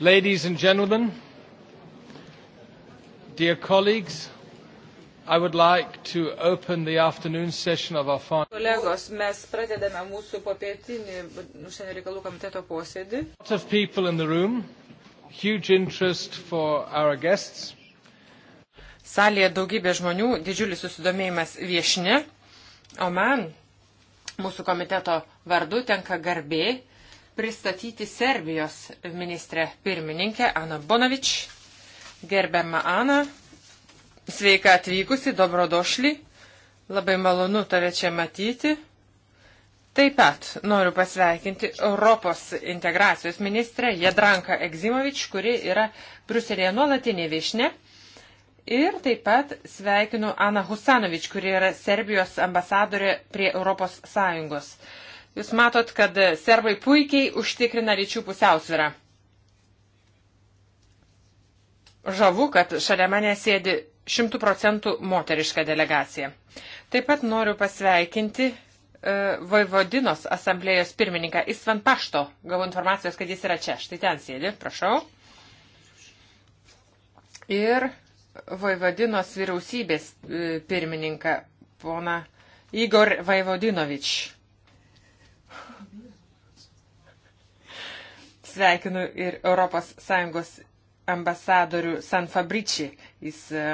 Ladies and gentlemen, dear colleagues, I would like to open the afternoon session of our final. Kolegos, mes pradedame mūsų popietinį užsienio reikalų komiteto posėdį. Lots of people in the room, huge interest for our guests. Salėje daugybė žmonių, didžiulis susidomėjimas viešne, o man, mūsų komiteto vardu, tenka garbė pristatyti Serbijos ministrę pirmininkę Aną Bonavič. Gerbiama Ana, sveika atvykusi, dobrodošli, labai malonu tave čia matyti. Taip pat noriu pasveikinti Europos integracijos ministrę Jedranką Egzimovič, kuri yra Bruselėje nuolatinė viešne. Ir taip pat sveikinu Aną Husanovič, kuri yra Serbijos ambasadorė prie Europos Sąjungos. Uh, Jūs matot, kad servai puikiai užtikrina ryčių pusiausvyrą. Žavu, kad šalia mane sėdi šimtų procentų moteriška delegacija. Taip pat noriu pasveikinti e, Vaivodinos asamblėjos pirmininką Istvan Pašto. Gavau informacijos, kad jis yra čia. Štai ten sėdi, prašau. Ir Vaivodinos vyriausybės e, pirmininką, pona Igor Vaivodinovič. sveikinu ir ES ambasadorių San Fabrici. Jis e,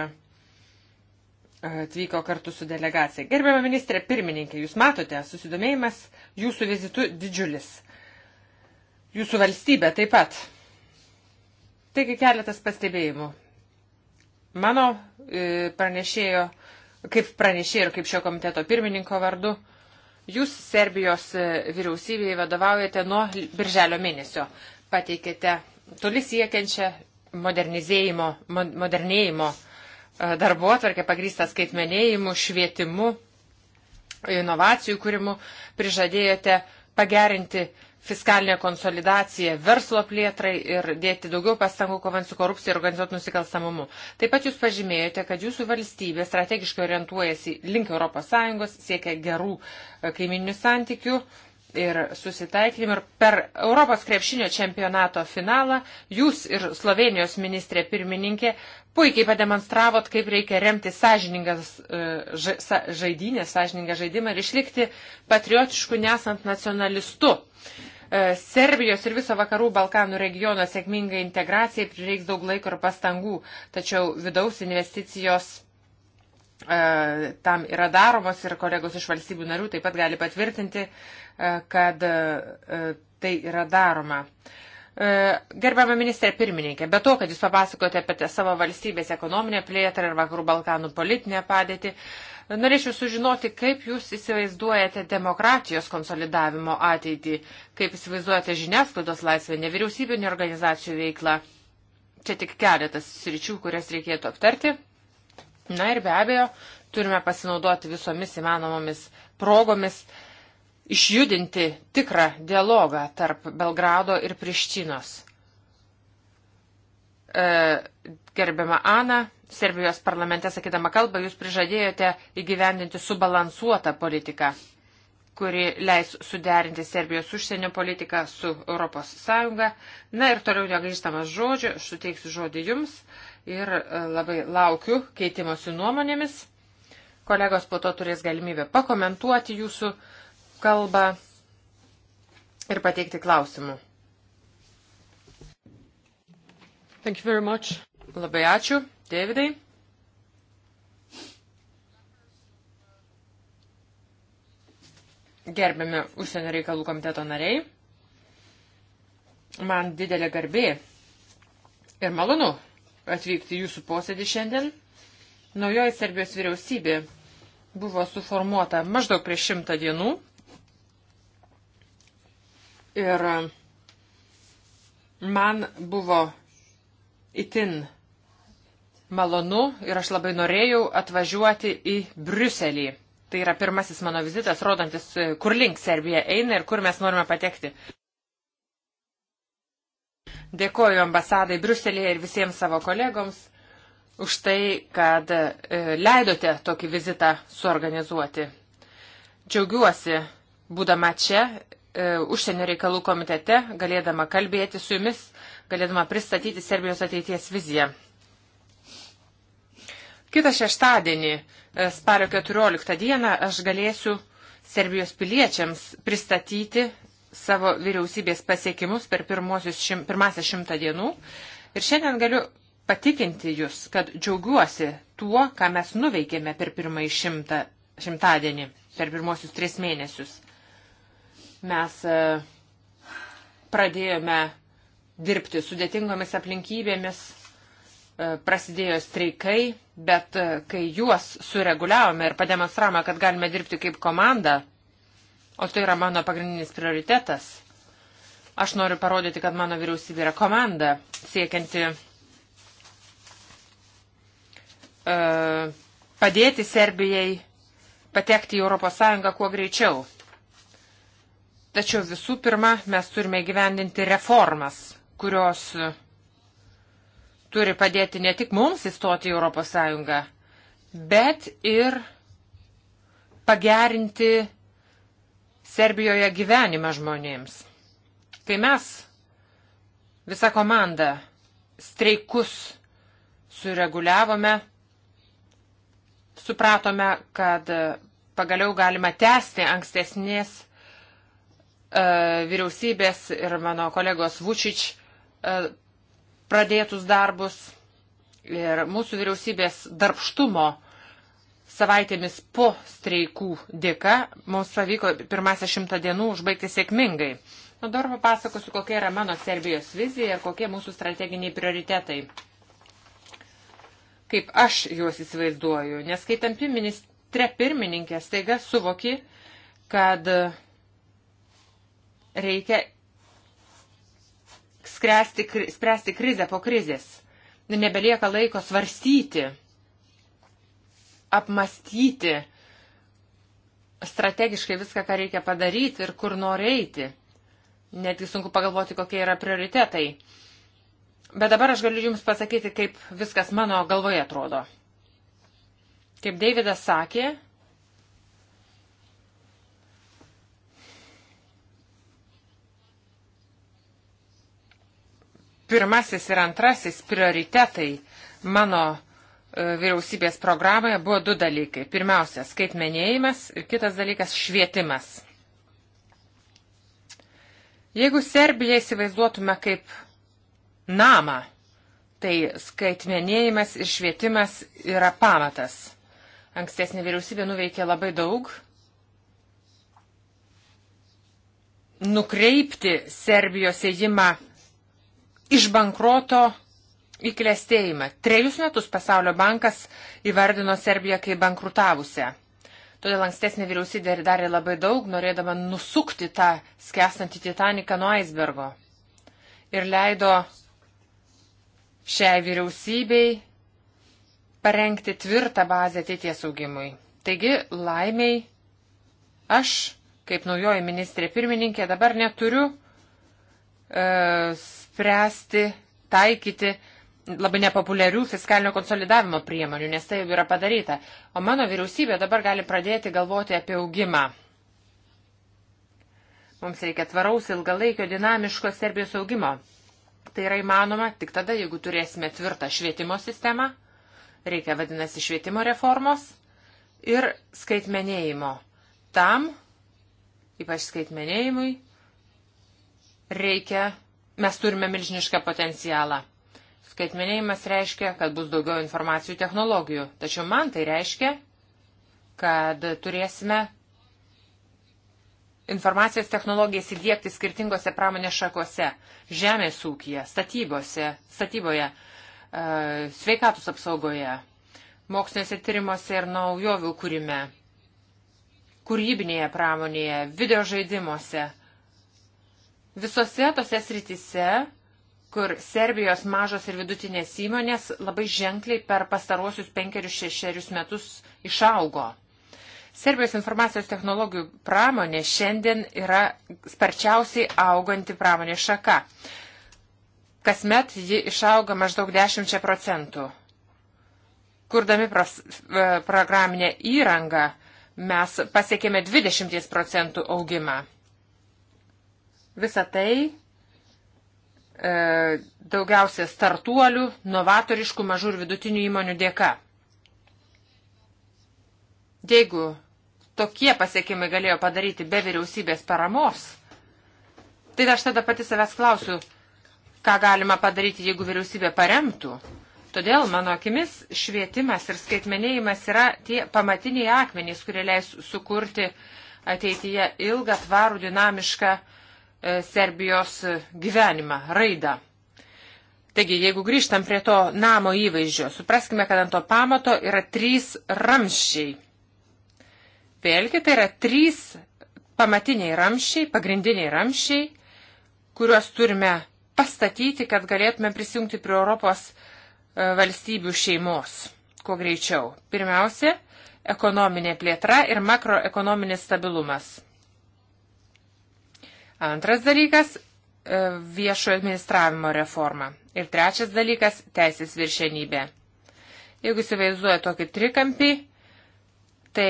e, atvyko kartu su delegacija. Gerbiama ministrė pirmininkė, jūs matote, susidomėjimas jūsų vizitu didžiulis. Jūsų valstybė taip pat. Taigi keletas pastebėjimų. Mano e, pranešėjo, kaip pranešėjo ir kaip šio komiteto pirmininko vardu, Jūs Serbijos e, vyriausybėje vadovaujate nuo birželio mėnesio. Pateikėte toli siekiančią modernizėjimo, modernėjimo e, darbo atvarkę pagrįstą skaitmenėjimu, švietimu, inovacijų kūrimu. Prižadėjote pagerinti fiskalinę konsolidaciją verslo plėtrai ir dėti daugiau pastangų kovant su korupcija ir organizuotų nusikalstamumu. Taip pat jūs pažymėjote, kad jūsų valstybė strategiškai orientuojasi link ES, siekia gerų e, kaiminių santykių ir susitaikymų. Ir per Europos krepšinio čempionato finalą jūs ir Slovenijos ministrė pirmininkė puikiai pademonstravot, kaip reikia remti sąžiningas e, žaidynės, sąžiningą žaidimą ir išlikti patriotišku nesant nacionalistu. E, Serbijos ir viso vakarų Balkanų regiono sėkmingai integracijai prireiks daug laiko ir pastangų, tačiau vidaus investicijos e, tam yra daromos ir kolegos iš valstybių narių taip pat gali patvirtinti, e, kad tai yra daroma. Gerbiamą ministrę pirmininkę, be to, kad jūs papasakote apie savo valstybės ekonominę plėtrą ir vakarų Balkanų politinę padėtį, Norėčiau sužinoti, kaip jūs įsivaizduojate demokratijos konsolidavimo ateitį, kaip įsivaizduojate žiniasklaidos laisvę, nevyriausybinio organizacijų veiklą. Čia tik keletas sričių, kurias reikėtų aptarti. Na ir be abejo, turime pasinaudoti visomis įmanomomis progomis išjudinti tikrą dialogą tarp Belgrado ir Prištinos. E, Gerbiama Ana, Serbijos parlamente sakydama kalbą, jūs prižadėjote įgyvendinti subalansuotą politiką, kuri leis suderinti Serbijos užsienio politiką su ES. Na ir toliau negaištamas žodžiu, aš suteiksiu žodį jums ir e, labai laukiu keitimosi nuomonėmis. Kolegos po to turės galimybę pakomentuoti jūsų kalbą ir pateikti klausimų. Thank you very much. Labai ačiū, Davidai. Gerbiami užsienio reikalų komiteto nariai, man didelė garbė ir malonu atvykti jūsų posėdį šiandien. Naujoji Serbijos vyriausybė buvo suformuota maždaug prieš šimtą dienų ir man buvo itin malonu ir aš labai norėjau atvažiuoti į Briuselį. Tai yra pirmasis mano vizitas, rodantis, e, kur link Serbija eina ir kur mes norime patekti. Dėkoju ambasadai Briuselėje ir visiems savo kolegoms už tai, kad e, leidote tokį vizitą suorganizuoti. Džiaugiuosi, būdama čia, e, užsienio reikalų komitete, galėdama kalbėti su jumis, galėdama pristatyti Serbijos ateities viziją. Kitą šeštadienį, e, spario 14 dieną, aš galėsiu Serbijos piliečiams pristatyti savo vyriausybės pasiekimus per šim, pirmąsias šimtą dienų. Ir šiandien galiu patikinti Jūs, kad džiaugiuosi tuo, ką mes nuveikėme per pirmąjį šimtą, šimtadienį, per pirmosius tris mėnesius. Mes e, pradėjome dirbti sudėtingomis aplinkybėmis, E, prasidėjo streikai, bet e, kai juos sureguliavome ir pademonstravome, kad galime dirbti kaip komanda, o tai yra mano pagrindinis prioritetas, aš noriu parodyti, kad mano vyriausybė yra komanda siekianti uh, padėti Serbijai patekti į ES kuo greičiau. Tačiau visų pirma, mes turime gyvendinti reformas, kurios uh, turi padėti ne tik mums įstoti į Europos Sąjungą, bet ir pagerinti Serbijoje gyvenimą žmonėms. Kai mes, visa komanda, streikus sureguliavome, supratome, kad e, pagaliau galima tęsti ankstesnės e, vyriausybės ir mano kolegos Vučič e, pradėtus darbus ir mūsų vyriausybės darbštumo savaitėmis po streikų dėka mums pavyko pirmąją šimtą dienų užbaigti sėkmingai. Nu, dar papasakosiu, kokia yra mano Serbijos vizija ir kokie mūsų strateginiai prioritetai. Kaip aš juos įsivaizduoju, nes kai tampi ministre pirmininkė, staiga suvoki, kad reikia skręsti, spręsti krizę po krizės. Nu, nebelieka laiko svarstyti, apmastyti strategiškai viską, ką reikia padaryti ir kur nori eiti. Netgi sunku pagalvoti, kokie yra prioritetai. Bet dabar aš galiu Jums pasakyti, kaip viskas mano galvoje atrodo. Kaip Davidas sakė, pirmasis ir antrasis prioritetai mano e, vyriausybės programoje buvo du dalykai. Pirmiausia, skaitmenėjimas ir kitas dalykas - švietimas. Jeigu Serbiją įsivaizduotume kaip namą, tai skaitmenėjimas ir švietimas yra pamatas. Ankstesnė vyriausybė nuveikė labai daug. Nukreipti Serbijos ėjimą iš bankroto į klėstėjimą. Trejus metus Pasaulio bankas įvardino Serbiją kaip bankrutavusią. Todėl ankstesnė vyriausybė darė labai daug, norėdama nusukti tą skęstantį Titaniką nuo aisbergo. Ir leido šiai vyriausybei parengti tvirtą bazę ateities augimui. Taigi, laimiai, aš, kaip naujoji ministrė pirmininkė, dabar neturiu E, spręsti, taikyti labai nepopuliarių fiskalinio konsolidavimo priemonių, nes tai jau yra padaryta. O mano vyriausybė dabar gali pradėti galvoti apie augimą. Mums reikia tvaraus ilgalaikio dinamiško Serbijos augimo. Tai yra įmanoma tik tada, jeigu turėsime tvirtą švietimo sistemą, reikia vadinasi švietimo reformos ir skaitmenėjimo. Tam, ypač skaitmenėjimui, reikia, mes turime milžinišką potencialą. Skaitmenėjimas reiškia, kad bus daugiau informacijų technologijų, tačiau man tai reiškia, kad turėsime informacijos technologijas įdėkti skirtingose pramonės šakose - žemės ūkija, statybose, statyboje, e, sveikatos apsaugoje, moksliniuose tyrimuose ir naujovių kūrime, kūrybinėje pramonėje, video žaidimuose – Visose tose sritise, kur Serbijos mažos ir vidutinės įmonės labai ženkliai per pastaruosius penkerius šešerius metus išaugo. Serbijos informacijos technologijų pramonė šiandien yra sparčiausiai auganti pramonė šaka. Kasmet ji išauga maždaug 10 procentų. Kurdami pras, e, programinę įrangą mes pasiekėme 20 procentų augimą. Visą tai e, daugiausia startuolių, novatoriškų mažų ir vidutinių įmonių dėka. Jeigu tokie pasiekimai galėjo padaryti be vyriausybės paramos, tai aš tada pati savęs klausiu, ką galima padaryti, jeigu vyriausybė paremtų. Todėl, mano akimis, švietimas ir skaitmenėjimas yra tie pamatiniai akmenys, kurie leis sukurti ateityje ilgą, tvarų, dinamišką uh, E, Serbijos gyvenimą, raidą. Taigi, jeigu grįžtam prie to namo įvaizdžio, supraskime, kad ant to pamato yra trys ramščiai. Vėlgi, tai yra trys pamatiniai ramščiai, pagrindiniai ramščiai, kuriuos turime pastatyti, kad galėtume prisijungti prie Europos e, valstybių šeimos kuo greičiau. Pirmiausia, ekonominė plėtra ir makroekonominis stabilumas. Antras dalykas - e, viešojo administravimo reforma. Ir trečias dalykas - teisės viršenybė. Jeigu įsivaizduoja tokį trikampį, tai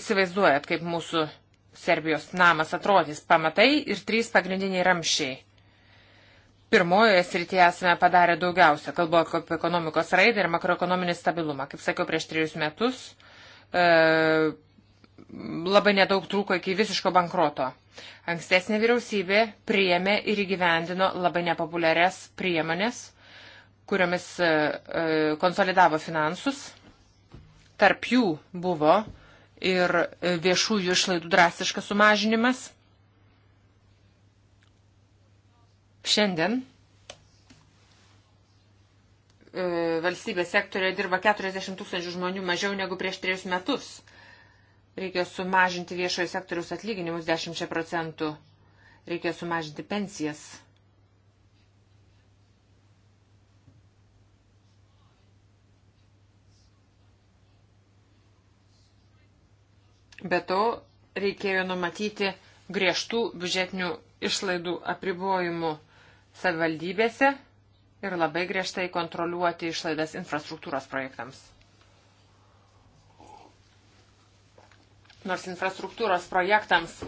įsivaizduojat, kaip mūsų Serbijos namas atrodys pamatai ir trys pagrindiniai ramšiai. Pirmojoje srityje esame padarę daugiausia, kalbu apie ekonomikos raidą ir makroekonominį stabilumą. Kaip sakiau, prieš trejus metus e, labai nedaug trūko iki visiško bankroto. Ankstesnė vyriausybė priėmė ir įgyvendino labai nepopuliarias priemonės, kuriomis e, e, konsolidavo finansus. Tarp jų buvo ir viešųjų išlaidų drastiškas sumažinimas. Šiandien e, valstybės sektorioje dirba 40 tūkstančių žmonių mažiau negu prieš trejus metus. Reikia sumažinti viešojo sektoriaus atlyginimus 10 procentų. Reikia sumažinti pensijas. Be to, reikėjo numatyti griežtų biudžetinių išlaidų apribojimų savivaldybėse ir labai griežtai kontroliuoti išlaidas infrastruktūros projektams. nors infrastruktūros projektams e,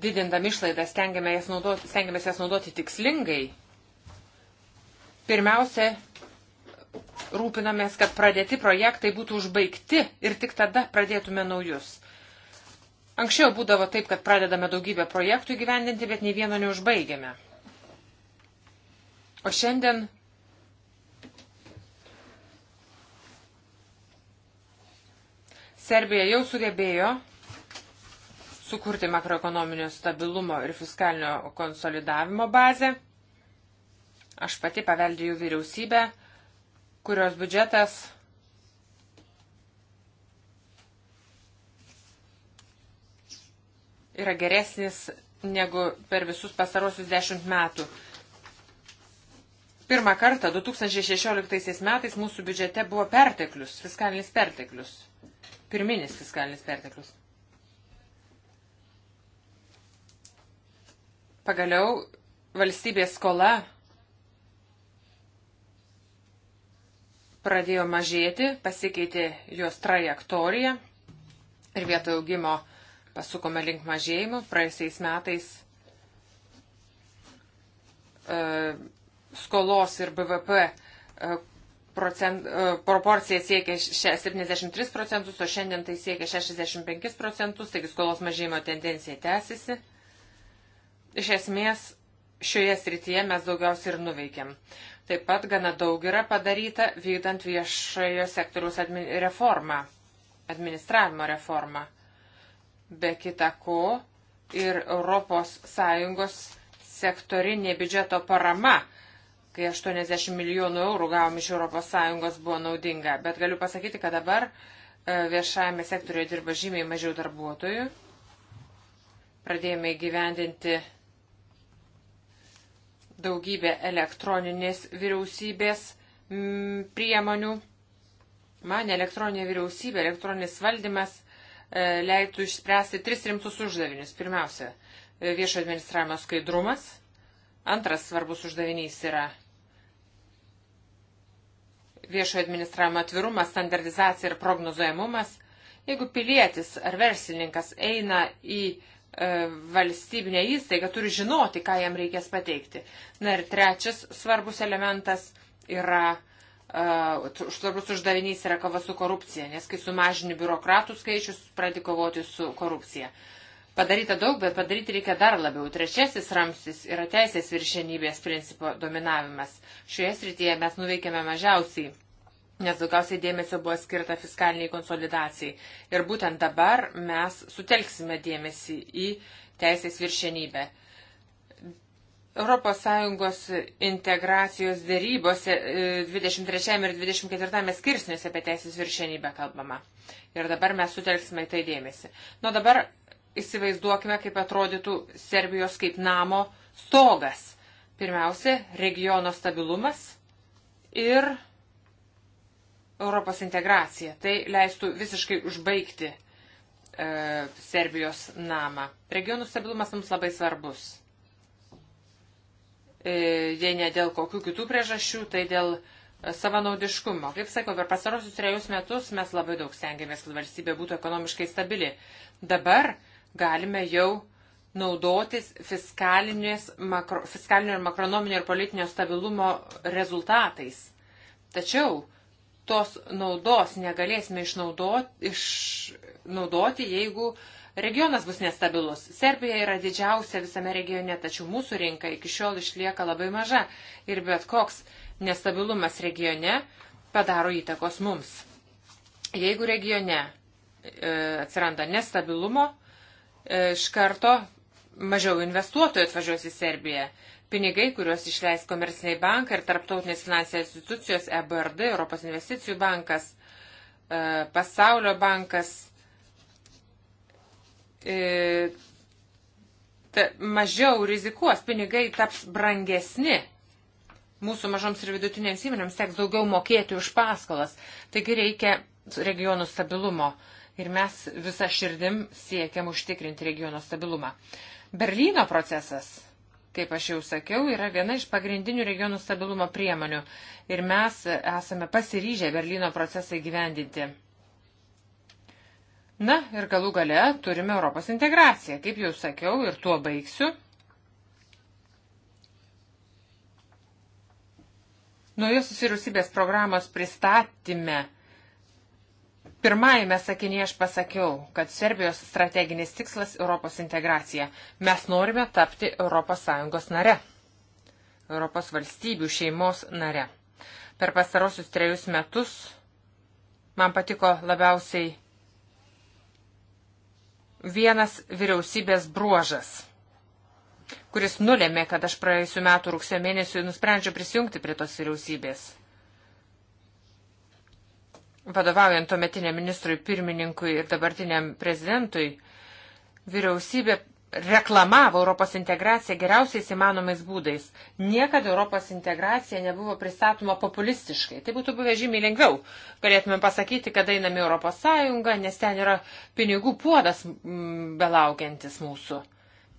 didindami išlaidas stengiamės jas naudoti, stengiamės jas naudoti tikslingai, pirmiausia, rūpinamės, kad pradėti projektai būtų užbaigti ir tik tada pradėtume naujus. Anksčiau būdavo taip, kad pradedame daugybę projektų įgyvendinti, bet nei vieno neužbaigiame. O šiandien Serbija jau sugebėjo sukurti makroekonominio stabilumo ir fiskalinio konsolidavimo bazę. Aš pati paveldėjau vyriausybę, kurios biudžetas yra geresnis negu per visus pastarosius dešimt metų. Pirmą kartą 2016 metais mūsų biudžete buvo perteklius, fiskalinis perteklius pirminis fiskalinis perteklius. Pagaliau valstybės skola pradėjo mažėti, pasikeitė jos trajektorija ir vietoj augimo pasukome link mažėjimų. Praėjusiais metais e, skolos ir BVP e, procent, e, proporcija siekia 73 procentus, o šiandien tai siekia 65 procentus, taigi skolos mažėjimo tendencija tęsiasi. Iš esmės, šioje srityje mes daugiausiai ir nuveikėm. Taip pat gana daug yra padaryta vykdant viešojo sektoriaus admin, reformą, administravimo reformą. Be kita ko ir ES sektorinė biudžeto parama kai 80 milijonų eurų gavom iš ES buvo naudinga. Bet galiu pasakyti, kad dabar e, viešajame sektoriuje dirba žymiai mažiau darbuotojų. Pradėjome įgyvendinti daugybę elektroninės vyriausybės priemonių. Man elektroninė vyriausybė, elektroninis valdymas e, leidtų išspręsti tris rimtus uždavinius. Pirmiausia, e, viešo administravimo skaidrumas. Antras svarbus uždavinys yra viešojo administravimo atvirumas, standardizacija ir prognozuojamumas. Jeigu pilietis ar verslininkas eina į e, valstybinę įstaigą, turi žinoti, ką jam reikės pateikti. Na ir trečias svarbus elementas yra, e, svarbus uždavinys yra kova su korupcija, nes kai sumažini biurokratų skaičius, pradedi kovoti su korupcija. E, Padaryta daug, bet padaryti reikia dar labiau. Trečiasis ramstis yra teisės viršenybės principo dominavimas. Šioje srityje mes nuveikėme mažiausiai, nes daugiausiai dėmesio buvo skirta fiskaliniai konsolidacijai. Ir būtent dabar mes sutelksime dėmesį į teisės viršenybę. ES integracijos dėrybose 23 e, ir 24 skirsniuose apie teisės viršenybę kalbama. Ir dabar mes sutelksime į tai dėmesį. Nuo dabar įsivaizduokime, kaip atrodytų Serbijos kaip namo stogas. Pirmiausia, regiono stabilumas ir Europos integracija. Tai leistų visiškai užbaigti e, Serbijos namą. Regionų stabilumas mums labai svarbus. E, jei ne dėl kokių kitų priežasčių, tai dėl e, savanaudiškumo. Kaip sakiau, per pasarosius trejus metus mes labai daug stengiamės, kad valstybė būtų ekonomiškai stabili. Dabar galime jau naudotis makro, fiskalinio ir makronominio ir politinio stabilumo rezultatais. Tačiau tos naudos negalėsime išnaudoti, išnaudoti jeigu regionas bus nestabilus. Serbija yra didžiausia visame regione, tačiau mūsų rinka iki šiol išlieka labai maža ir bet koks nestabilumas regione padaro įtakos mums. Jeigu regione e, atsiranda nestabilumo, iš karto mažiau investuotojų atvažiuos į Serbiją. Pinigai, kuriuos išleis komerciniai bankai ir tarptautinės finansinės institucijos EBRD, Europos investicijų bankas, e, pasaulio bankas, e, mažiau rizikuos, pinigai taps brangesni mūsų mažoms ir vidutinėms įmonėms teks daugiau mokėti už paskolas. Taigi reikia regionų stabilumo ir mes visą širdim siekiam užtikrinti regiono stabilumą. Berlyno procesas, kaip aš jau sakiau, yra viena iš pagrindinių regionų stabilumo priemonių ir mes esame pasiryžę Berlyno procesą įgyvendinti. Na ir galų gale turime Europos integraciją, kaip jau sakiau, ir tuo baigsiu. Naujosios vyriausybės programos pristatyme Pirmajame sakinėje aš pasakiau, kad Serbijos strateginis tikslas Europos integracija. Mes norime tapti ES nare. Europos valstybių šeimos nare. Per pastarosius trejus metus man patiko labiausiai vienas vyriausybės bruožas, kuris nulėmė, kad aš praėjusiu metu rugsėjo mėnesiu nusprendžiau prisijungti prie tos vyriausybės vadovaujant tuometiniam ministrui pirmininkui ir dabartiniam prezidentui, vyriausybė reklamavo Europos integraciją geriausiais įmanomais būdais. Niekada Europos integracija nebuvo pristatoma populistiškai. Tai būtų buvę žymiai lengviau. Galėtume pasakyti, kad einame Europos Sąjungą, nes ten yra pinigų puodas mm, belaukiantis mūsų.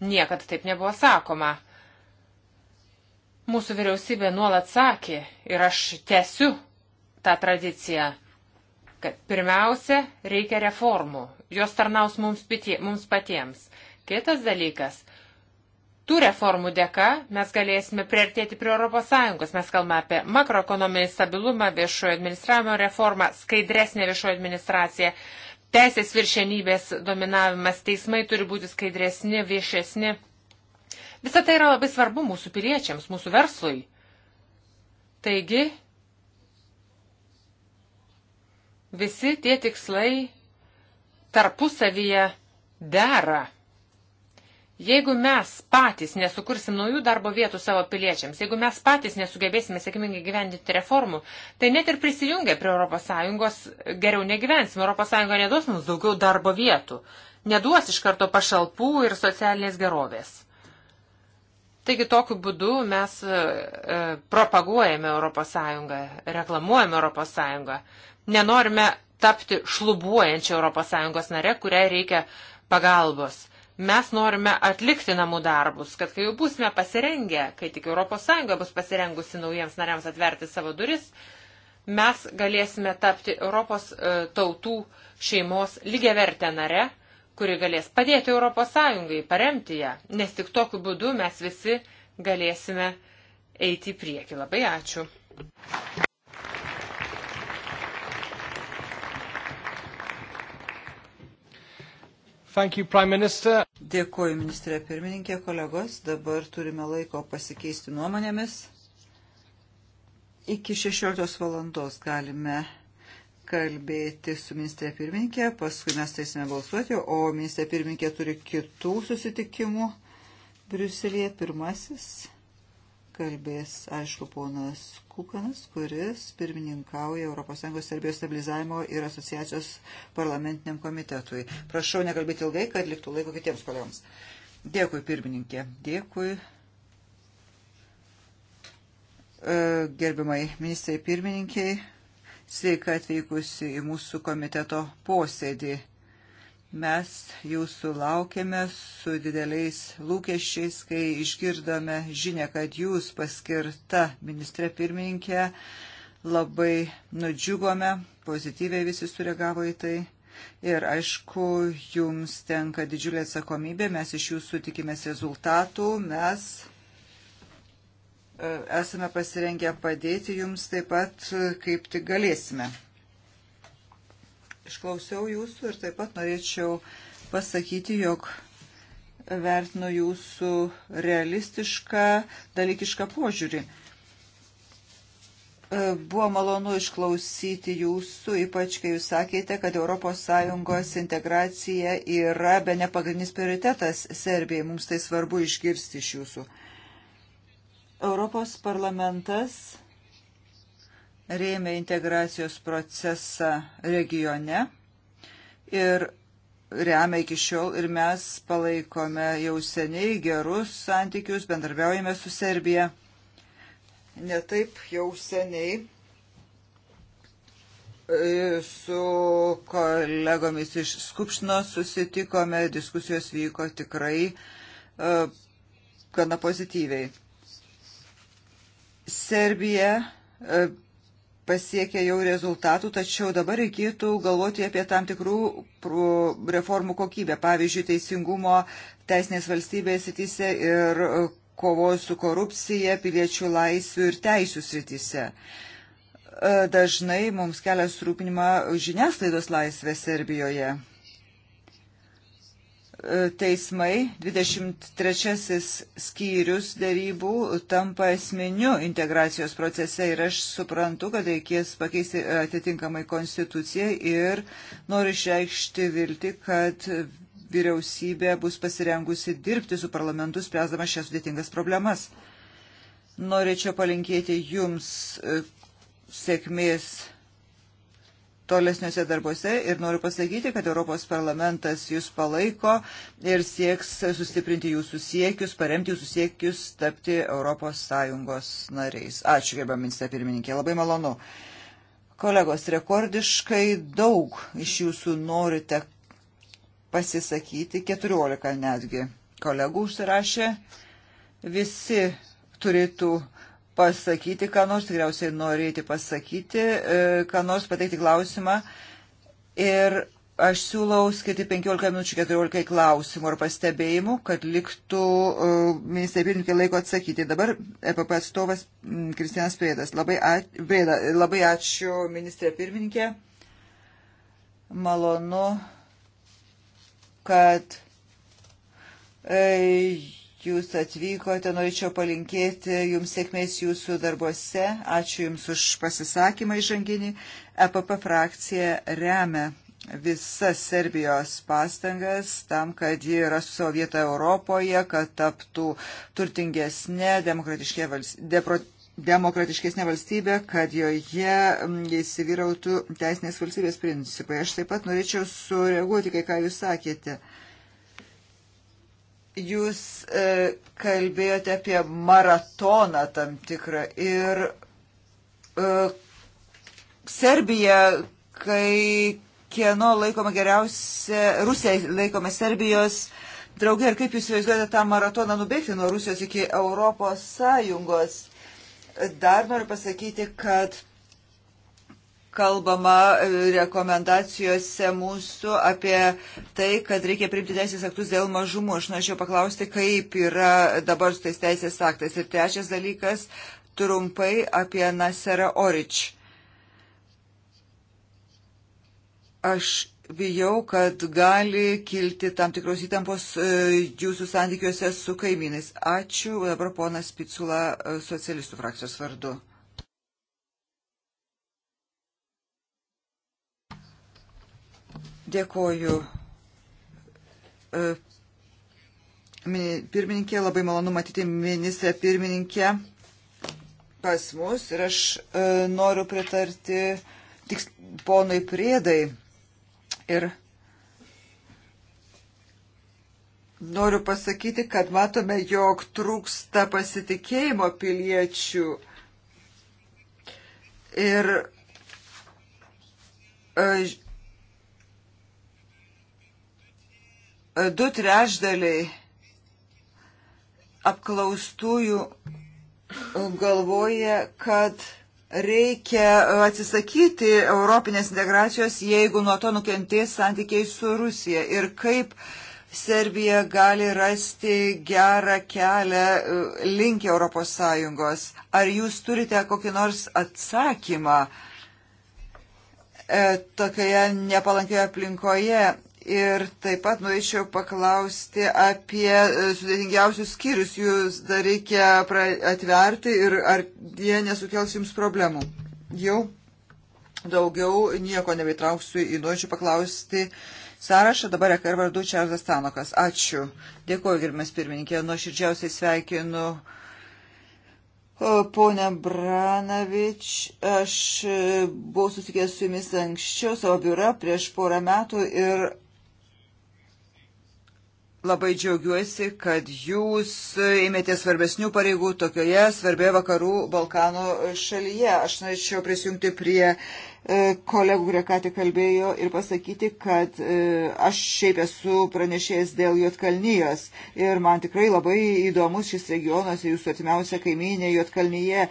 Niekad taip nebuvo sakoma. Mūsų vyriausybė nuolat sakė ir aš tęsiu tą tradiciją kad pirmiausia reikia reformų, jos tarnaus mums, pitie, mums patiems. Kitas dalykas, tų reformų dėka mes galėsime priartėti prie ES. Mes kalbame apie makroekonominį stabilumą, viešojo administravimo reformą, skaidresnė viešojo administracija, teisės viršenybės dominavimas, teismai turi būti skaidresni, viešesni. Visą tai yra labai svarbu mūsų piliečiams, mūsų verslui. Taigi, Visi tie tikslai tarpusavyje dera. Jeigu mes patys nesukursim naujų darbo vietų savo piliečiams, jeigu mes patys nesugebėsime sėkmingai gyvendinti reformų, tai net ir prisijungę prie ES geriau negyvensim. ES neduos mums daugiau darbo vietų, neduos iš karto pašalpų ir socialinės gerovės. Taigi tokiu būdu mes e, e, propaguojame ES, reklamuojame ES. Nenorime tapti šlubuojančią ES narę, kuriai reikia pagalbos. Mes norime atlikti namų darbus, kad kai jau būsime pasirengę, kai tik ES bus pasirengusi naujiems nariams atverti savo duris, mes galėsime tapti Europos e, tautų šeimos lygiavertę narę, kuri galės padėti ES, paremti ją, nes tik tokiu būdu mes visi galėsime eiti į priekį. Labai ačiū. You, Dėkuoju, ministrė pirmininkė, kolegos. Dabar turime laiko pasikeisti nuomonėmis. Iki 16 valandos galime kalbėti su ministrė pirmininkė, paskui mes taisime balsuoti, o ministrė pirmininkė turi kitų susitikimų Briuselėje pirmasis kalbės, aišku, ponas Kukanas, kuris pirmininkauja ES Serbijos stabilizavimo ir asociacijos parlamentiniam komitetui. Prašau nekalbėti ilgai, kad liktų laiko kitiems kolegams. Dėkui, pirmininkė. Dėkui. E, gerbiamai ministrai pirmininkiai, sveika atvykusi į mūsų komiteto posėdį. Mes jūsų laukiame su dideliais lūkesčiais, kai išgirdome žinę, kad jūs paskirta ministrė pirmininkė. Labai nudžiugome, pozityviai visi sureagavo į tai. Ir aišku, jums tenka didžiulė atsakomybė, mes iš jūsų tikimės rezultatų, mes e, esame pasirengę padėti jums taip pat, kaip tik galėsime. Išklausiau jūsų ir taip pat norėčiau pasakyti, jog vertinu jūsų realistišką, dalykišką požiūrį. E, buvo malonu išklausyti jūsų, ypač kai jūs sakėte, kad ES integracija yra be nepagrindinis prioritetas Serbijai. Mums tai svarbu išgirsti iš jūsų. Europos parlamentas rėmė integracijos procesą regione ir remia iki šiol ir mes palaikome jau seniai gerus santykius, bendarbiaujame su Serbija. Netaip jau seniai e, su kolegomis iš Skupšno susitikome, diskusijos vyko tikrai e, gana pozityviai. Serbija e, pasiekę jau rezultatų, tačiau dabar reikėtų galvoti apie tam tikrų reformų kokybę, pavyzdžiui, teisingumo teisinės valstybės sitise ir e, kovos su korupcija, piliečių laisvių ir teisų sritise. E, dažnai mums kelia surūpinimą žiniasklaidos laisvė Serbijoje teismai, 23 skyrius darybų tampa esminiu integracijos procese ir aš suprantu, kad reikės pakeisti atitinkamai konstituciją ir noriu išreikšti vilti, kad vyriausybė bus pasirengusi dirbti su parlamentu, spręsdama šias sudėtingas problemas. Norėčiau palinkėti jums e, sėkmės tolesniuose darbuose ir noriu pasakyti, kad Europos parlamentas jūs palaiko ir sieks sustiprinti jūsų siekius, paremti jūsų siekius tapti Europos Sąjungos nariais. Ačiū, gerbė ministrė pirmininkė, labai malonu. Kolegos, rekordiškai daug iš jūsų norite pasisakyti, 14 netgi kolegų užsirašė, visi turėtų pasakyti, ką nors, tikriausiai norėti pasakyti, e, ką nors pateikti klausimą. Ir aš siūlau skirti 15 minučių 14 klausimų ar pastebėjimų, kad liktų e, ministrė pirmininkė laiko atsakyti. Dabar EPP atstovas Kristianas Prėdas. Labai, ač... Prėda, labai ačiū ministrė pirmininkė. Malonu, kad. E, jūs atvykote. Norėčiau palinkėti jums sėkmės jūsų darbuose. Ačiū jums už pasisakymą įžanginį. EPP frakcija remia visas Serbijos pastangas tam, kad ji yra su savo vieta Europoje, kad taptų turtingesnė, demokratiškė valstybė demokratiškesnė valstybė, kad joje įsivyrautų teisinės valstybės principai. Aš taip pat norėčiau sureaguoti, kai ką jūs sakėte. Uh, Jūs e, kalbėjote apie maratoną tam tikrą ir e, Serbija, kai kieno laikoma geriausia, Rusija laikoma Serbijos draugė ir kaip jūs įsivaizduojate tą maratoną nubėgti nuo Rusijos iki Europos Sąjungos. Dar noriu pasakyti, kad kalbama e, rekomendacijose mūsų apie tai, kad reikia priimti teisės aktus dėl mažumų. Aš norėčiau paklausti, kaip yra dabar su tais teisės aktais. Ir trečias dalykas, trumpai apie Naserą Orič. Aš bijau, kad gali kilti tam tikros įtampos e, jūsų santykiuose su kaimynais. Ačiū. Dabar ponas Picula e, socialistų frakcijos vardu. Dėkoju. E, pirmininkė, labai malonu matyti ministrę pirmininkę pas mus ir aš e, noriu pritarti tik ponui priedai ir noriu pasakyti, kad matome, jog trūksta pasitikėjimo piliečių ir e, Du trešdaliai apklaustųjų galvoja, kad reikia atsisakyti Europinės integracijos, jeigu nuo to nukentės santykiai su Rusija. Ir kaip Serbija gali rasti gerą kelią e, link Europos Sąjungos? Ar jūs turite kokį nors atsakymą? E, tokioje nepalankioje aplinkoje Ir taip pat norėčiau paklausti apie e, sudėtingiausius skyrius. Jūs dar reikia atverti ir ar jie nesukels jums problemų. Jau daugiau nieko nebetrauksiu į norėčiau paklausti. Sąrašą dabar ekar vardu Čarzas Tanokas. Ačiū. Dėkuoju, gerbimas pirmininkė. Nuoširdžiausiai sveikinu. Pone Branavič, aš e, buvau susikęs su jumis anksčiau savo biure prieš porą metų ir Labai džiaugiuosi, kad jūs ėmėte svarbesnių pareigų tokioje svarbioje vakarų Balkanų šalyje. Aš norėčiau prisijungti prie e, kolegų, kurie ką tik kalbėjo ir pasakyti, kad e, aš šiaip esu pranešėjęs dėl Jotkalnyjos ir man tikrai labai įdomus šis regionas, jūsų atimiausia kaiminė Jotkalnyje.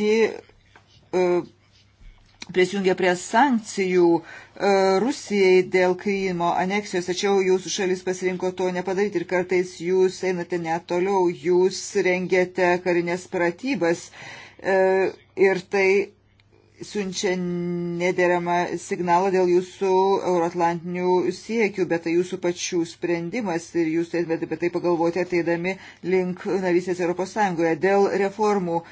Ji e, prisijungė prie sankcijų e, Rusijai dėl Krymo aneksijos, tačiau jūsų šalis pasirinko to nepadaryti ir kartais jūs einate net toliau, jūs rengiate karinės pratybas e, ir tai siunčia nederamą signalą dėl jūsų euroatlantinių siekių, bet tai jūsų pačių sprendimas ir jūs turėtumėte apie tai pagalvoti ateidami link narysės Europos Sąjungoje. Dėl reformų uh,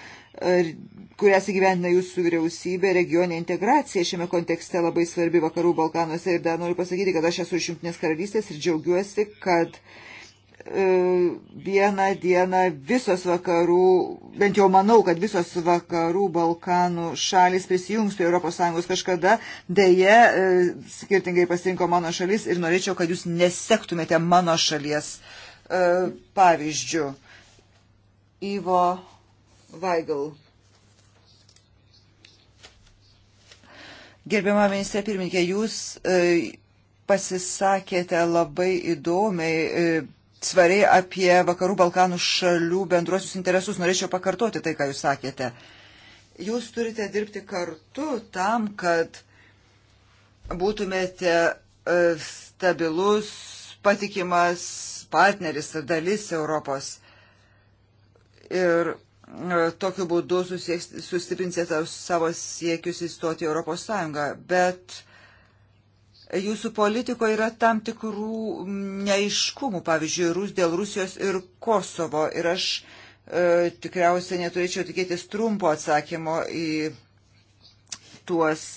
kurias įgyvendina jūsų vyriausybė, regionė integracija šiame kontekste labai svarbi vakarų Balkanuose. Ir dar noriu pasakyti, kad aš esu iš Junktinės karalystės ir džiaugiuosi, kad e, vieną dieną visos vakarų, bent jau manau, kad visos vakarų Balkanų šalis prisijungs prie ES kažkada, dėje skirtingai pasirinko mano šalis ir norėčiau, kad jūs nesektumėte mano šalies e, pavyzdžių. Ivo Vaigal. Gerbiama ministrė pirmininkė, jūs e, pasisakėte labai įdomiai, e, svariai apie Vakarų Balkanų šalių bendruosius interesus. Norėčiau pakartoti tai, ką jūs sakėte. Jūs turite dirbti kartu tam, kad būtumėte e, stabilus, patikimas partneris ir dalis Europos. Ir E, tokiu būdu sustiprinsite savo siekius įstoti į Europos Sąjungą, bet jūsų politikoje yra tam tikrų neiškumų, pavyzdžiui, dėl Rusijos ir Kosovo. Ir aš e, tikriausiai neturėčiau tikėtis trumpo atsakymo į tuos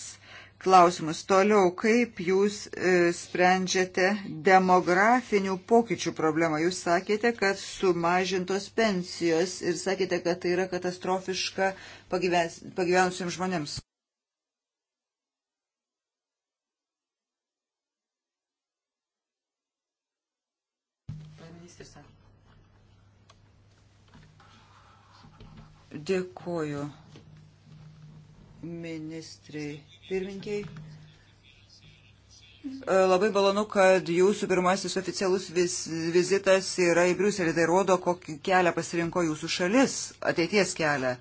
klausimus. Toliau, kaip jūs e, sprendžiate demografinių pokyčių problemą? Jūs sakėte, kad sumažintos pensijos ir sakėte, kad tai yra katastrofiška pagyvenusiems žmonėms. Dėkuoju ministrei pirminkiai. E, labai malonu, kad jūsų pirmasis oficialus viz, vizitas yra į Briuselį. Tai rodo, kokį kelią pasirinko jūsų šalis, ateities kelią.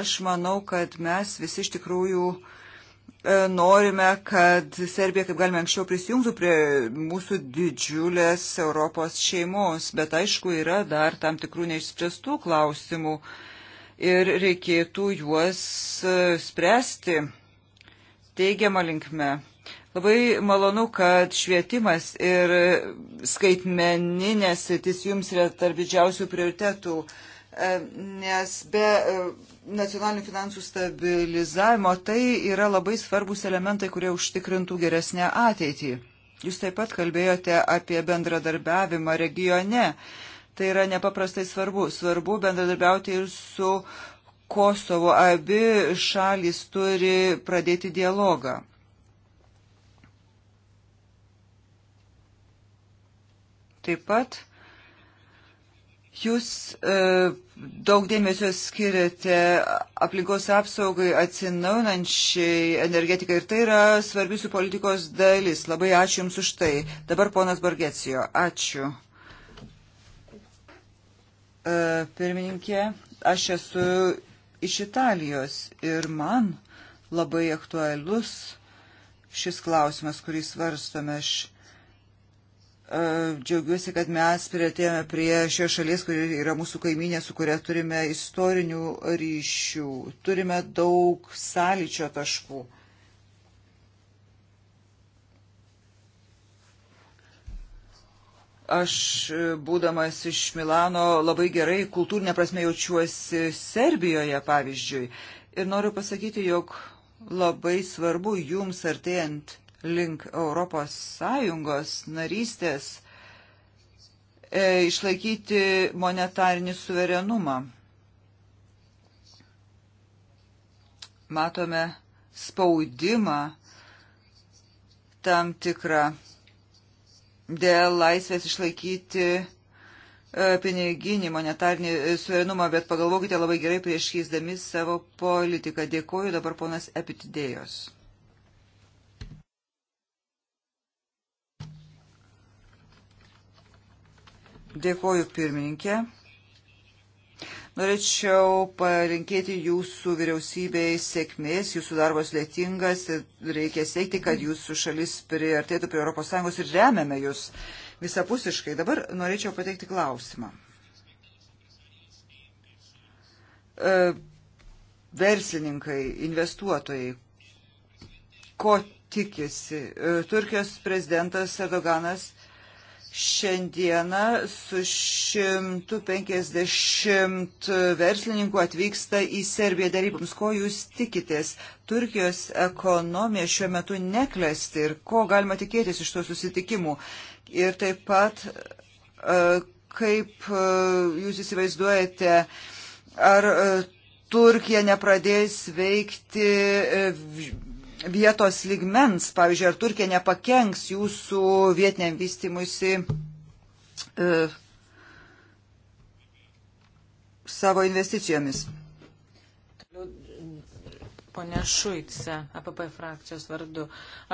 Aš manau, kad mes visi iš tikrųjų e, norime, kad Serbija kaip galime anksčiau prisijungtų prie mūsų didžiulės Europos šeimos, bet aišku yra dar tam tikrų neišspręstų klausimų ir reikėtų juos e, spręsti teigiamą linkmę. Labai malonu, kad švietimas ir skaitmeninės sritis jums yra tarp didžiausių prioritetų, e, nes be e, nacionalinių finansų stabilizavimo tai yra labai svarbus elementai, kurie užtikrintų geresnę ateitį. Jūs taip pat kalbėjote apie bendradarbiavimą regione. Tai yra nepaprastai svarbu. Svarbu bendradarbiauti ir su uh, Kosovo. Abi šalys turi pradėti dialogą. Taip pat jūs e, daug dėmesio skiriate aplinkos apsaugai atsinaunančiai energetikai ir tai yra svarbi su politikos dalis. Labai ačiū Jums už tai. Dabar ponas Bargecijo. Ačiū. E, pirmininkė, aš esu iš Italijos ir man labai aktualus šis klausimas, kurį svarstome. Aš e, džiaugiuosi, kad mes prieartėjome prie šios šalies, kuri yra mūsų kaiminė, su kuria turime istorinių ryšių, turime daug sąlyčio taškų. Aš, e, būdamas iš Milano, labai gerai kultūrinė prasme jaučiuosi Serbijoje, pavyzdžiui. Ir noriu pasakyti, jog labai svarbu jums artėjant link Europos Sąjungos narystės e, išlaikyti monetarinį suverenumą. Matome spaudimą tam tikrą dėl laisvės išlaikyti e, piniginį monetarnį e, suverenumą, bet pagalvokite labai gerai prieš keisdami savo politiką. Dėkoju dabar ponas Epitidėjos. Dėkoju pirmininkė. Norėčiau palinkėti jūsų vyriausybei sėkmės, jūsų darbas lėtingas ir reikia siekti, kad jūsų šalis priartėtų prie ES ir remiame jūs visapusiškai. Dabar norėčiau pateikti klausimą. E, verslininkai, investuotojai, ko tikisi? E, Turkijos prezidentas Erdoganas Šiandieną su 150 verslininkų atvyksta į Serbiją darybams. Ko jūs tikitės? Turkijos ekonomija šiuo metu neklesti ir ko galima tikėtis iš to susitikimų? Ir taip pat, e, kaip e, jūs įsivaizduojate, ar e, Turkija nepradės veikti vietos ligmens, pavyzdžiui, ar Turkija nepakenks jūsų vietiniam vystimusi e, savo investicijomis. Pone Šuice, APP frakcijos vardu.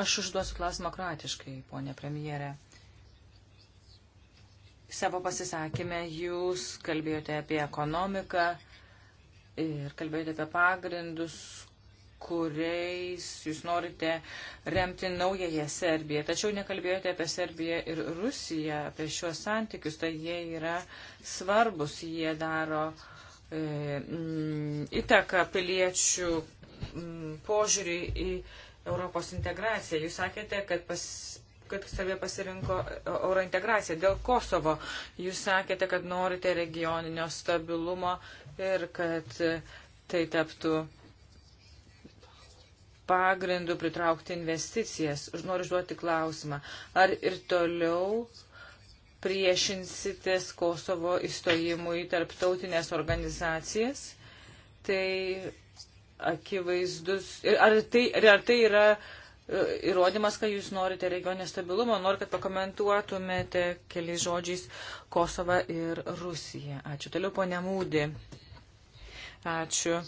Aš užduosiu klausimą kroatiškai, ponė premjerė. Savo pasisakymę jūs kalbėjote apie ekonomiką ir kalbėjote apie pagrindus, kuriais jūs norite remti naująją Serbiją. Tačiau nekalbėjote apie Serbiją ir Rusiją, apie šiuos santykius, tai jie yra svarbus, jie daro e, įtaką piliečių m, požiūrį į Europos integraciją. Jūs sakėte, kad pas kad save pasirinko eurointegraciją. Dėl Kosovo jūs sakėte, kad norite regioninio stabilumo ir kad e, tai taptų pagrindų pritraukti investicijas. Noriu užduoti klausimą. Ar ir toliau priešinsitės Kosovo įstojimui į tarptautinės organizacijas? Tai akivaizdus. Ar tai, ar tai yra e, įrodymas, kad jūs norite regioninio stabilumo? Noriu, kad pakomentuotumėte keliais žodžiais Kosovą ir Rusiją. Ačiū. Toliau, ponia Mūdi. Ačiū.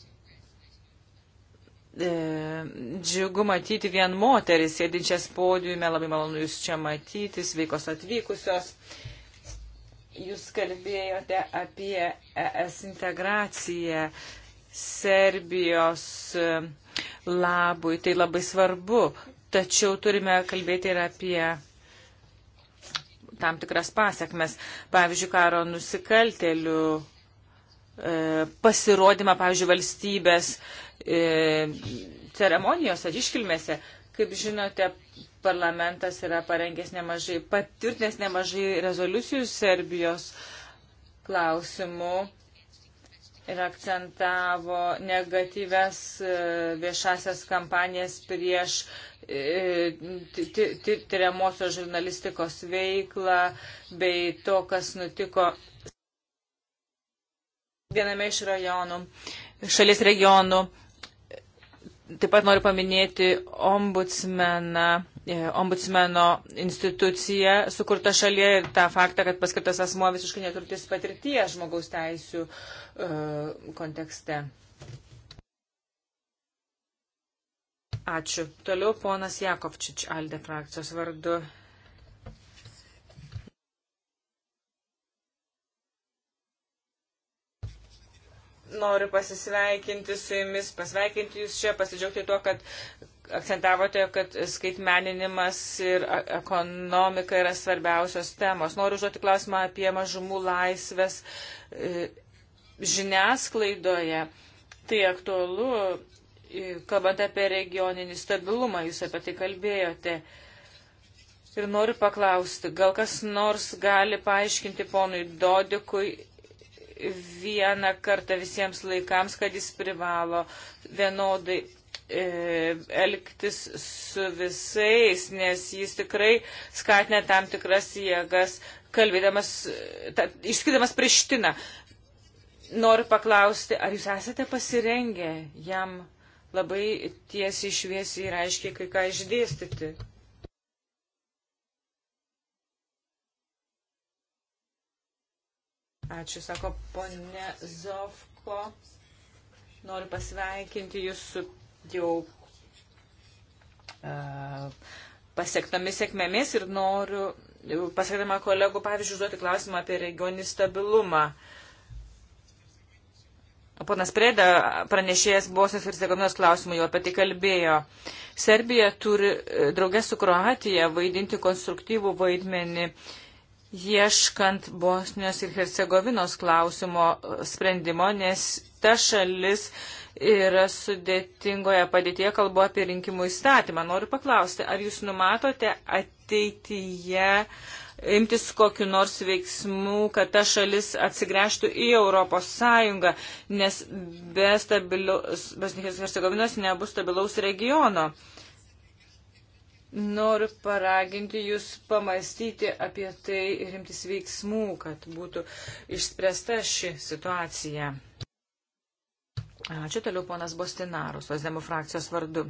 E, džiugu matyti vien moteris, sėdinčias podiume, labai malonu Jūs čia matyti, sveikos atvykusios. Jūs kalbėjote apie ES integraciją Serbijos e, labui, tai labai svarbu, tačiau turime kalbėti ir apie tam tikras pasiekmes, pavyzdžiui, karo nusikaltelių e, pasirodymą, pavyzdžiui, valstybės uh, E, ceremonijose ar iškilmėse. Kaip žinote, parlamentas yra parengęs nemažai, patvirtinęs nemažai rezoliucijų Serbijos klausimų ir akcentavo negatyves e, viešasias kampanijas prieš e, tyriamosios žurnalistikos veiklą bei to, kas nutiko viename iš rajonų, šalies regionų. Taip pat noriu paminėti ombudsmeną, e, ombudsmeno instituciją sukurta šalyje ir tą faktą, kad paskirtas asmuo visiškai neturtis patirties žmogaus teisų e, kontekste. Ačiū. Toliau ponas Jakovčič, Alde frakcijos vardu. noriu pasisveikinti su jumis, pasveikinti jūs čia, pasidžiaugti tuo, kad akcentavote, kad skaitmeninimas ir e, ekonomika yra svarbiausios temos. Noriu užduoti klausimą apie mažumų laisvės e, žiniasklaidoje. Tai aktualu, e, kalbant apie regioninį stabilumą, jūs apie tai kalbėjote. Ir noriu paklausti, gal kas nors gali paaiškinti ponui Dodikui vieną kartą visiems laikams, kad jis privalo vienodai e, elgtis su visais, nes jis tikrai skatina tam tikras jėgas, kalbėdamas, ta, išskidamas prištiną. Noriu paklausti, ar jūs esate pasirengę jam labai tiesiai išviesiai ir aiškiai kai ką išdėstyti? Ačiū, sako ponė Zovko. Noriu pasveikinti jūs su jau uh, e, pasiektomis sėkmėmis ir noriu, pasakydama kolegų, pavyzdžiui, užduoti klausimą apie regionį stabilumą. Ponas Preda, pranešėjas Bosnijos ir Segovinos klausimų, jau apie tai kalbėjo. Serbija turi e, draugės su Kroatija vaidinti konstruktyvų vaidmenį uh, ieškant Bosnijos ir Hercegovinos klausimo e, sprendimo, nes ta šalis yra sudėtingoje padėtėje, kalbu apie rinkimų įstatymą. Noriu paklausti, ar jūs numatote ateityje imtis kokiu nors veiksmu, kad ta šalis atsigręžtų į Europos Sąjungą, nes be Bosnijos ir Hercegovinos nebus stabilaus regiono. Uh, Noriu paraginti jūs pamastyti apie tai ir imtis veiksmų, kad būtų išspręsta ši situacija. Ačiū toliau ponas Bostinarus, Ozdemų frakcijos vardu.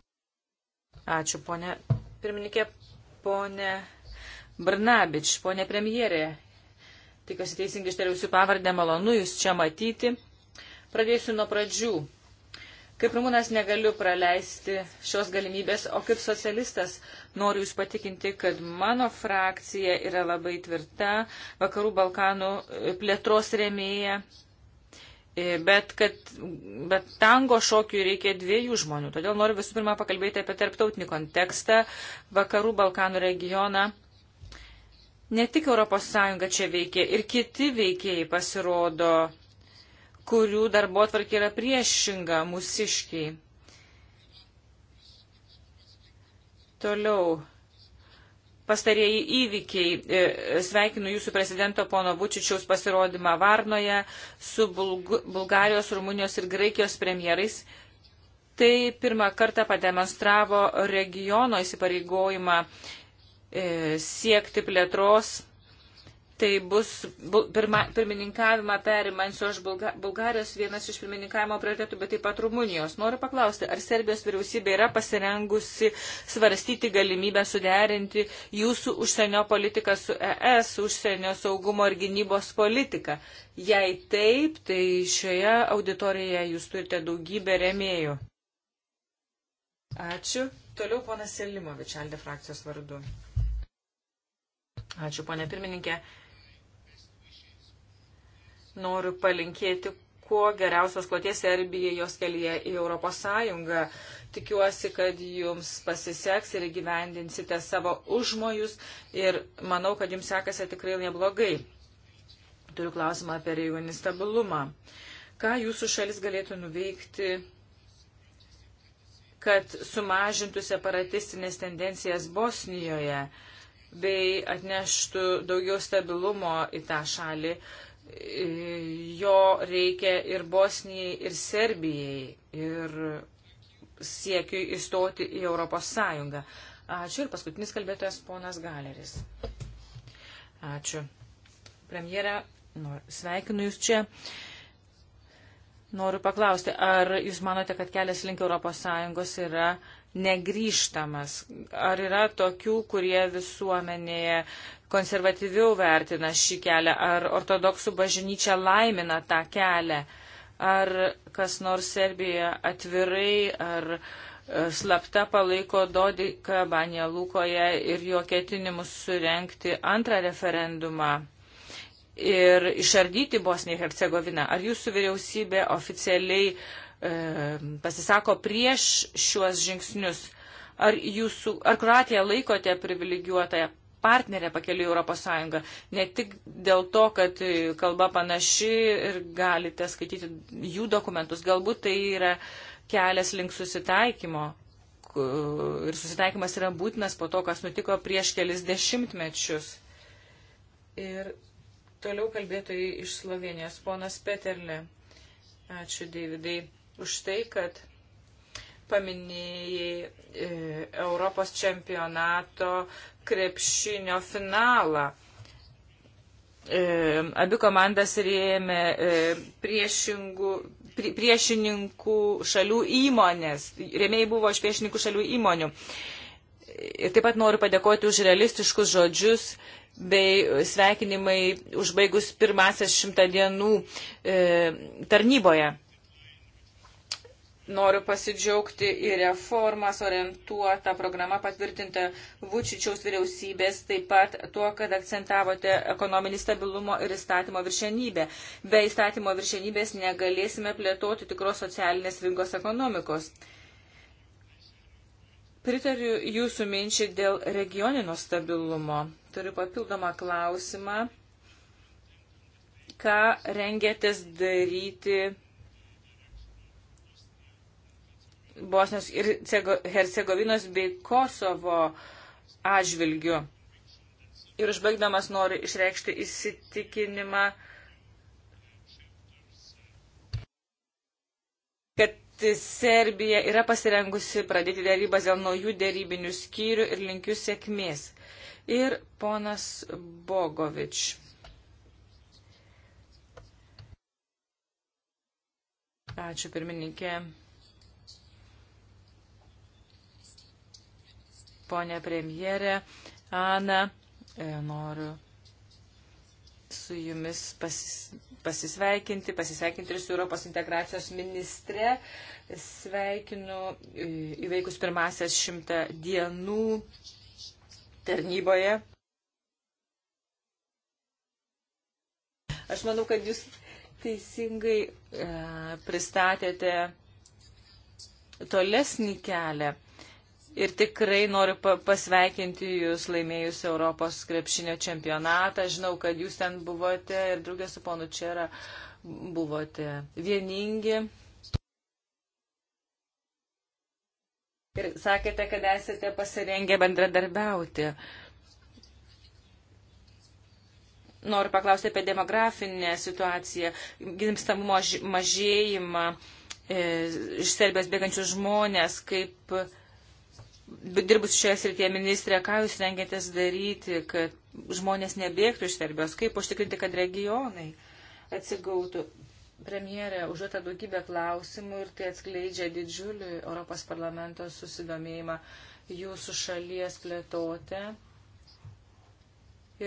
Ačiū ponė pirmininkė, ponė Brnabič, ponė premjerė. Tikiuosi teisingai ištariausiu pavardę, malonu jūs čia matyti. Pradėsiu nuo pradžių. Kaip rumūnas negaliu praleisti šios galimybės, o kaip socialistas noriu Jūs patikinti, kad mano frakcija yra labai tvirta, Vakarų Balkanų e, plėtros rėmėja, e, bet, kad, bet tango šokiui reikia dviejų žmonių. Todėl noriu visų pirma pakalbėti apie tarptautinį kontekstą, Vakarų Balkanų regioną. Ne tik ES čia veikia, ir kiti veikėjai pasirodo kurių darbo atvarkė yra priešinga mūsiškiai. Toliau. Pastarieji įvykiai. E, sveikinu jūsų prezidento pono Vučičiaus pasirodymą Varnoje su Bulg Bulgarijos, Rumunijos ir Graikijos premjerais. Tai pirmą kartą pademonstravo regiono įsipareigojimą e, siekti plėtros Tai bus bu, pirma, pirmininkavimą perimančios Bulga, Bulgarijos vienas iš pirmininkavimo prioritetų, bet taip pat Rumunijos. Noriu paklausti, ar Serbijos vyriausybė yra pasirengusi svarstyti galimybę suderinti jūsų užsienio politiką su ES, užsienio saugumo ir gynybos politika? Jei taip, tai šioje auditorijoje jūs turite daugybę remėjų. Ačiū. Toliau ponas Selimovič, Aldė frakcijos vardu. Ačiū, ponė pirmininkė noriu palinkėti kuo geriausios kloties Serbijai jos kelyje į Europos Sąjungą. Tikiuosi, kad jums pasiseks ir įgyvendinsite savo užmojus ir manau, kad jums sekasi tikrai neblogai. Turiu klausimą apie regioninį stabilumą. Ką jūsų šalis galėtų nuveikti, kad sumažintų separatistinės tendencijas Bosnijoje bei atneštų daugiau stabilumo į tą šalį? Uh, jo reikia ir Bosnijai, ir Serbijai, ir siekiui įstoti į Europos Sąjungą. Ačiū ir paskutinis kalbėtojas ponas Galeris. Ačiū. Premjera, nu, sveikinu Jūs čia. Noriu paklausti, ar Jūs manote, kad kelias link Europos Sąjungos yra uh, negryžtamas. Ar yra tokių, kurie visuomenėje konservatyviau vertina šį kelią, ar ortodoksų bažnyčia laimina tą kelią, ar kas nors Serbijoje atvirai, ar e, slapta palaiko Dodiką Banė Lukoje ir jo ketinimus surenkti antrą referendumą ir išardyti Bosniją ir Hercegoviną. Ar jūsų vyriausybė oficialiai uh, E, pasisako prieš šiuos žingsnius. Ar, jūsų, ar Kroatiją laikote privilegijuotąją partnerę pakeliu į Europos Sąjungą. Ne tik dėl to, kad kalba panaši ir galite skaityti jų dokumentus. Galbūt tai yra kelias link susitaikymo. Ir susitaikymas yra būtinas po to, kas nutiko prieš kelis dešimtmečius. Ir toliau kalbėtojai iš Slovenijos, ponas Peterle. Ačiū, Davidai už tai, kad paminėjai e, Europos čempionato krepšinio finalą. E, abi komandas rėmė e, priešingų, pri, priešininkų šalių įmonės. Rėmėjai buvo iš priešininkų šalių įmonių. Ir taip pat noriu padėkoti už realistiškus žodžius bei sveikinimai užbaigus pirmasias šimtą dienų e, tarnyboje. Noriu pasidžiaugti į reformas orientuotą programą patvirtintą Vučičiaus vyriausybės, taip pat tuo, kad akcentavote ekonominį stabilumo ir įstatymo viršenybę. Be įstatymo viršenybės negalėsime plėtoti tikros socialinės rinkos ekonomikos. Pritariu jūsų minčiai dėl regioninio stabilumo. Turiu papildomą klausimą. Ką rengėtės daryti? Bosnios ir Hercegovinos bei Kosovo atžvilgių. Ir užbaigdamas noriu išreikšti įsitikinimą, kad Serbija yra pasirengusi pradėti dėrybas dėl naujų dėrybinių skyrių ir linkiu sėkmės. Ir ponas Bogovič. Ačiū pirmininkė. ponė premjerė, Ana, e, noriu su jumis pasis, pasisveikinti, pasisveikinti ir su Europos integracijos ministre. Sveikinu e, įveikus pirmasias šimtą dienų tarnyboje. Aš manau, kad jūs teisingai e, pristatėte tolesnį kelią ir tikrai noriu pasveikinti Jūs laimėjus Europos krepšinio čempionatą. Žinau, kad Jūs ten buvote ir draugė su ponu Čera buvote vieningi. Ir sakėte, kad esate pasirengę bendradarbiauti. Noriu paklausti apie demografinę situaciją, gimstamumo mažėjimą, e, iš Serbijos bėgančių žmonės, kaip dirbus šioje srityje ministrė, ką jūs rengiatės daryti, kad žmonės nebėgtų iš Serbijos, kaip užtikrinti, kad regionai atsigautų. Premjerė užduota daugybę klausimų ir tai atskleidžia didžiulį Europos parlamento susidomėjimą jūsų šalies plėtotę.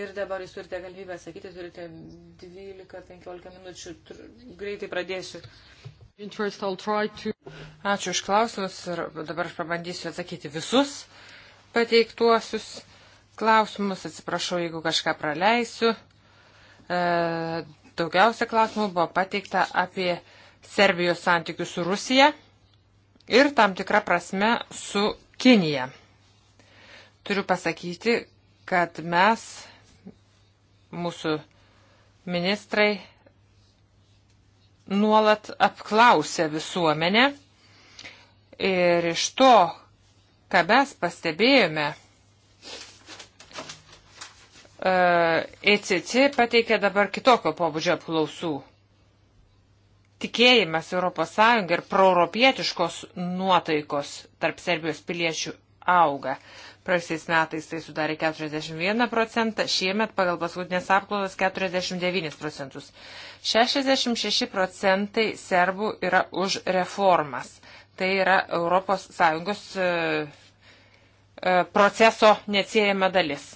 Ir dabar jūs turite galimybę sakyti, turite 12-15 minučių, greitai pradėsiu. Ačiū iš klausimus ir dabar aš pabandysiu atsakyti visus pateiktuosius klausimus. Atsiprašau, jeigu kažką praleisiu. E, daugiausia klausimų buvo pateikta apie Serbijos santykių su Rusija ir tam tikrą prasme su Kinija. Turiu pasakyti, kad mes, mūsų ministrai, nuolat apklausia visuomenę ir iš to, ką mes pastebėjome, ECC e pateikė dabar kitokio pobūdžio apklausų. Tikėjimas ES ir proeuropietiškos nuotaikos tarp Serbijos piliečių auga. Praėjusiais metais tai sudarė 41 procentą, šiemet pagal paskutinės apklausos 49 procentus. 66 procentai serbų yra už reformas. Tai yra ES e, e, proceso neatsiejama dalis.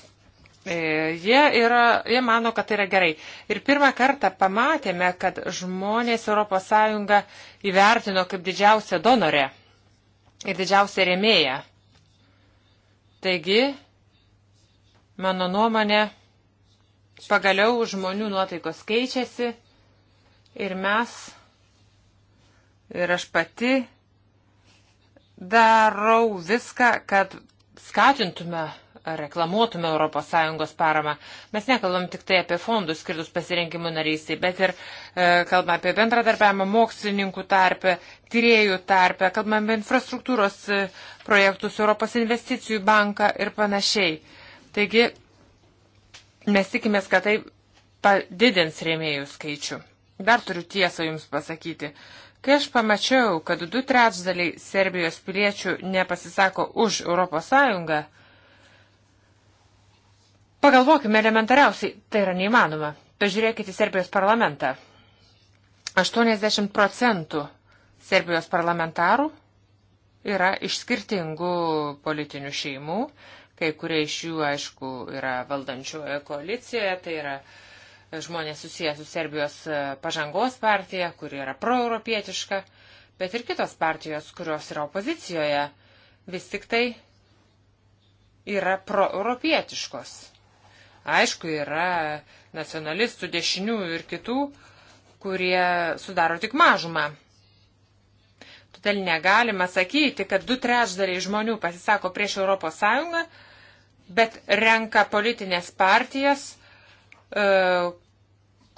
E, jie, yra, jie mano, kad tai yra gerai. Ir pirmą kartą pamatėme, kad žmonės ES įvertino kaip didžiausią donorę ir didžiausią remėją Taigi, mano nuomonė, pagaliau žmonių nuotaikos keičiasi ir mes, ir aš pati darau viską, kad skatintume reklamuotume ES paramą. Mes nekalbam tik tai apie fondus skirtus pasirinkimų narysiai, bet ir e, kalbam apie bendradarbiavimą mokslininkų tarpę, tyriejų tarpę, kalbam apie infrastruktūros e, projektus, Europos investicijų banką ir panašiai. Taigi mes tikimės, kad tai padidins rėmėjų skaičių. Dar turiu tiesą Jums pasakyti. Kai aš pamačiau, kad du trečdaliai Serbijos piliečių nepasisako už ES, Pagalvokime elementariausiai, tai yra neįmanoma. Pažiūrėkite Serbijos parlamentą. 80 procentų Serbijos parlamentarų yra iš skirtingų politinių šeimų, kai kurie iš jų, aišku, yra valdančioje koalicijoje, tai yra žmonės susijęs su Serbijos e, pažangos partija, kuri yra proeuropietiška, bet ir kitos partijos, kurios yra opozicijoje, vis tik tai yra proeuropietiškos. Aišku, yra nacionalistų, dešinių ir kitų, kurie sudaro tik mažumą. Todėl negalima sakyti, kad du trečdaliai žmonių pasisako prieš Europos Sąjungą, bet renka politinės partijas, e,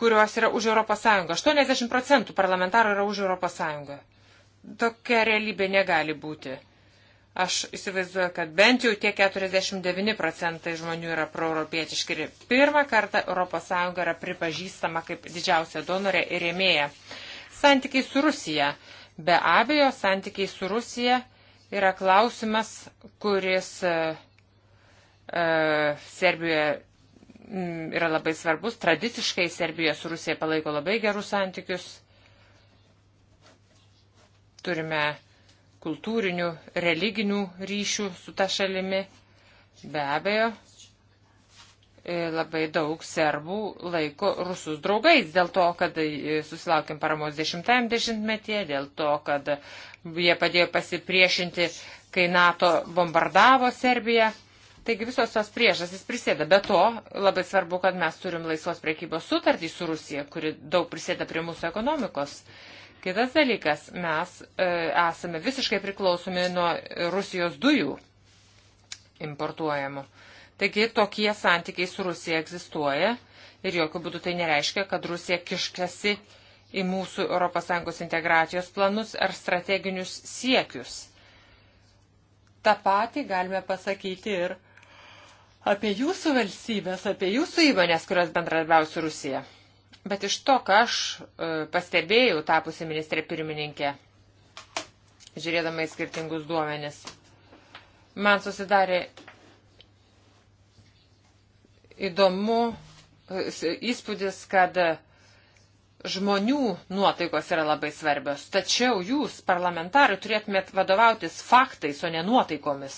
kurios yra už Europos Sąjungą. 80 procentų parlamentarų yra už Europos Sąjungą. Tokia realybė negali būti. Aš įsivaizduoju, kad bent jau tie 49 procentai žmonių yra proeuropietiški ir pirmą kartą ES yra pripažįstama kaip didžiausia donorė ir rėmėja. Santykiai su Rusija. Be abejo, santykiai su Rusija yra klausimas, kuris e, e Serbijoje mm, yra labai svarbus. Tradiciškai Serbija su Rusija palaiko labai gerus santykius. Turime kultūrinių, religinių ryšių su ta šalimi. Be abejo, e, labai daug serbų laiko rusus draugais dėl to, kad e, susilaukėm paramos dešimtajam dešimtmetyje, dėl to, kad jie padėjo pasipriešinti, kai NATO bombardavo Serbiją. Taigi visos tos priežastys prisėda. Be to, labai svarbu, kad mes turim laisvos priekybos sutartį su Rusija, kuri daug prisėda prie mūsų ekonomikos. Uh, Kitas dalykas, mes e, esame visiškai priklausomi nuo Rusijos dujų importuojamų. Taigi tokie santykiai su Rusija egzistuoja ir jokių būdų tai nereiškia, kad Rusija kiškasi į mūsų ES integracijos planus ar strateginius siekius. Ta pati galime pasakyti ir apie jūsų valstybės, apie jūsų įmonės, kurios bendradarbiausia Rusija. Bet iš to, ką aš e, pastebėjau tapusi ministrė pirmininkė, žiūrėdama į skirtingus duomenis, man susidarė įdomu e, įspūdis, kad žmonių nuotaikos yra labai svarbios. Tačiau jūs, parlamentarai, turėtumėt vadovautis faktais, o ne nuotaikomis.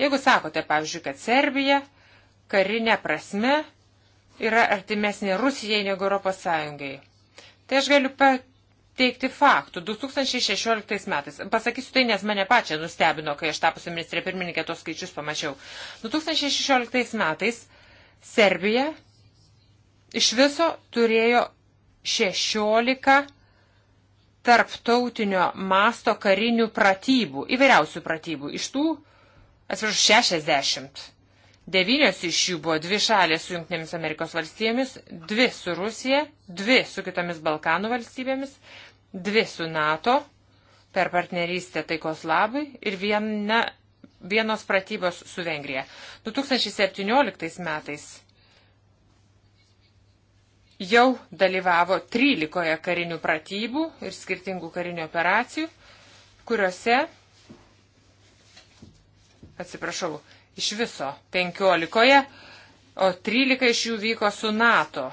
Jeigu sakote, pavyzdžiui, kad Serbija karinė prasme yra artimesnė Rusijai negu Europos Sąjungai. Tai aš galiu pateikti faktų. 2016 metais, pasakysiu tai, nes mane pačią nustebino, kai aš tapusiu ministrė pirmininkė, tos skaičius pamačiau. 2016 metais Serbija iš viso turėjo 16 tarptautinio masto karinių pratybų, įvairiausių pratybų. Iš tų, atsiprašau, 60 Devynios iš jų buvo dvi šalės su Junktinėmis Amerikos valstybėmis, dvi su Rusija, dvi su kitomis Balkanų valstybėmis, dvi su NATO per partnerystę taikos labai ir viena, vienos pratybos su Vengrija. 2017 metais jau dalyvavo 13 karinių pratybų ir skirtingų karinių operacijų, kuriuose, atsiprašau, iš viso 15, o 13 iš jų vyko su NATO.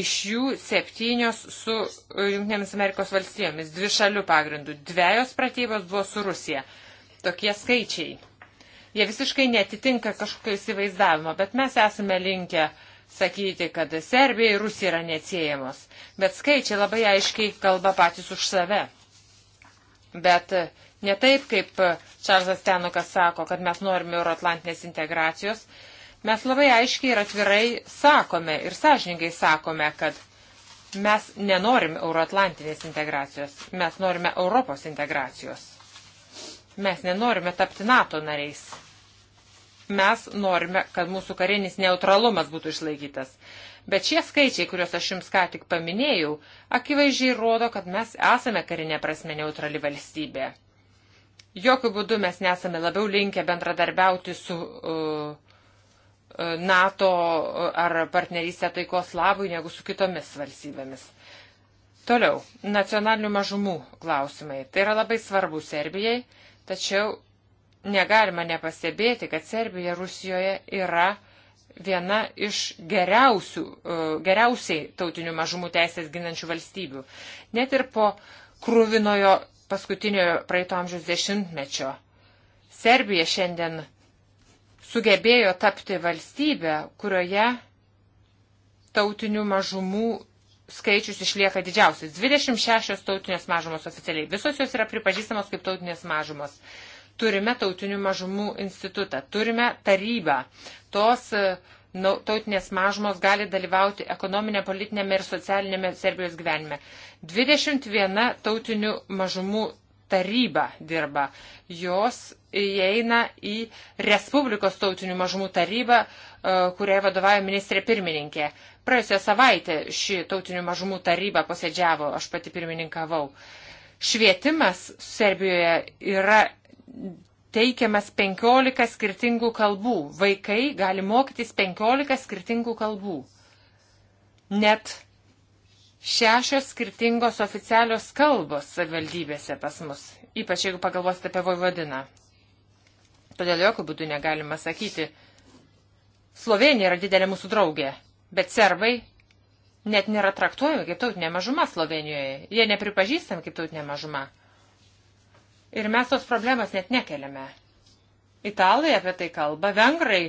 Iš jų septynios su Junktinėmis Amerikos valstijomis, dvi šalių pagrindų. Dviejos pratybos buvo su Rusija. Tokie skaičiai. Jie visiškai netitinka kažkokio įsivaizdavimo, bet mes esame linkę sakyti, kad Serbija ir Rusija yra neatsiejamos. Bet skaičiai labai aiškiai kalba patys už save. Bet ne taip, kaip Čarzas Tenukas sako, kad mes norime euroatlantinės integracijos. Mes labai aiškiai ir atvirai sakome ir sąžiningai sakome, kad mes nenorim euroatlantinės integracijos, mes norime Europos integracijos. Mes nenorime tapti NATO nariais. Mes norime, kad mūsų karinis neutralumas būtų išlaikytas. Bet šie skaičiai, kuriuos aš jums ką tik paminėjau, akivaizdžiai rodo, kad mes esame karinė prasme neutrali valstybė. Jokių būdų mes nesame labiau linkę bendradarbiauti su uh, uh NATO ar partnerystę taikos labui negu su kitomis valstybėmis. Toliau, nacionalinių mažumų klausimai. Tai yra labai svarbu Serbijai, tačiau negalima nepastebėti, kad Serbija Rusijoje yra uh, viena iš geriausių, e, geriausiai tautinių mažumų teisės ginančių valstybių. Net ir po krūvinojo paskutiniojo praeito amžiaus dešimtmečio Serbija šiandien sugebėjo tapti valstybę, kurioje tautinių mažumų skaičius išlieka didžiausias. 26 tautinės mažumos oficialiai. Visos jos yra pripažįstamos kaip tautinės mažumos. Turime tautinių mažumų institutą, turime tarybą. Tos nu, tautinės mažumos gali dalyvauti ekonominė, politinėme ir socialinėme Serbijos gyvenime. 21 tautinių mažumų taryba dirba. Jos įeina į Respublikos tautinių mažumų tarybą, e, kuriai vadovauja ministrė pirmininkė. Praėjusią savaitę ši tautinių mažumų taryba posėdžiavo, aš pati pirmininkavau. Švietimas Serbijoje yra teikiamas 15 skirtingų kalbų. Vaikai gali mokytis 15 skirtingų kalbų. Net šešios skirtingos oficialios kalbos savivaldybėse pas mus, ypač jeigu pagalvosite apie Vojvodiną. Todėl jokių būdų negalima sakyti, Slovenija yra didelė mūsų draugė, bet serbai net nėra traktuojami kaip tautinė mažuma Slovenijoje. Jie nepripažįstami kaip tautinė mažuma. Ir mes tos problemas net nekeliame. Italai apie tai kalba, vengrai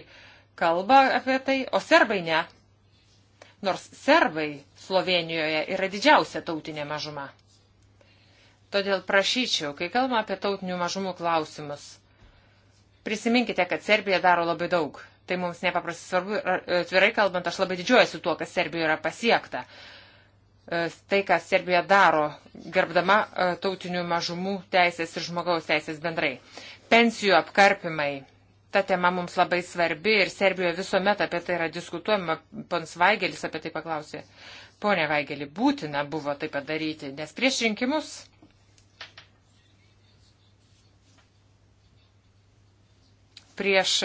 kalba apie tai, o serbai ne. Nors serbai Slovenijoje yra didžiausia tautinė mažuma. Todėl prašyčiau, kai kalbame apie tautinių mažumų klausimus, prisiminkite, kad Serbija daro labai daug. Tai mums nepaprastai svarbu, atvirai kalbant, aš labai didžiuojasi tuo, kas Serbijoje yra pasiekta. E, tai, ką Serbija daro, gerbdama e, tautinių mažumų teisės ir žmogaus teisės bendrai. Pensijų apkarpimai. Ta tema mums labai svarbi ir Serbijoje visuomet apie tai yra diskutuojama. Pons Vaigelis apie tai paklausė. Pone Vaigelį, būtina buvo tai padaryti, nes prieš rinkimus prieš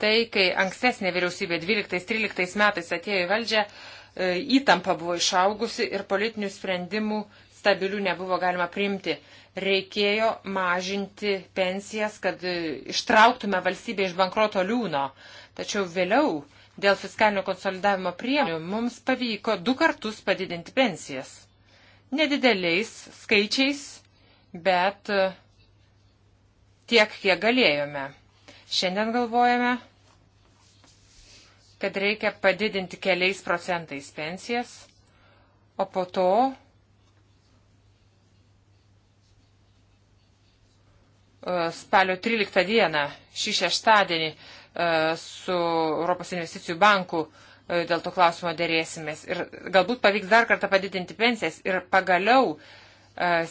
tai, kai ankstesnė vyriausybė 12-13 metais atėjo į valdžią, e, įtampa buvo išaugusi ir politinių sprendimų stabilių nebuvo galima priimti. Reikėjo mažinti pensijas, kad e, ištrauktume valstybę iš bankroto liūno. Tačiau vėliau dėl fiskalinio konsolidavimo priemonių mums pavyko du kartus padidinti pensijas. Nedideliais skaičiais, bet e, tiek, kiek galėjome. Šiandien galvojame, kad reikia padidinti keliais procentais pensijas, o po to e, spalio 13 dieną, šį šeštadienį, e, su Europos investicijų banku e, dėl to klausimo dėrėsimės. Ir galbūt pavyks dar kartą padidinti pensijas ir pagaliau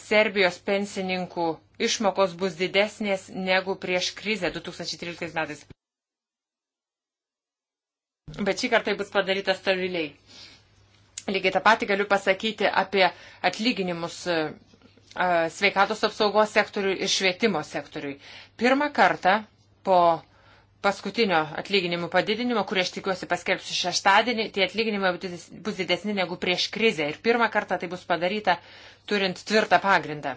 Serbijos pensininkų išmokos bus didesnės negu prieš krizę 2013 metais. Bet šį kartą bus padaryta stabiliai. Lygiai tą patį galiu pasakyti apie atlyginimus e, sveikatos apsaugos sektoriui ir švietimo sektoriui. Pirmą kartą po paskutinio atlyginimų padidinimo, kurį aš tikiuosi paskelbsiu šeštadienį, tie atlyginimai bus didesni negu prieš krizę. Ir pirmą kartą tai bus padaryta turint tvirtą pagrindą.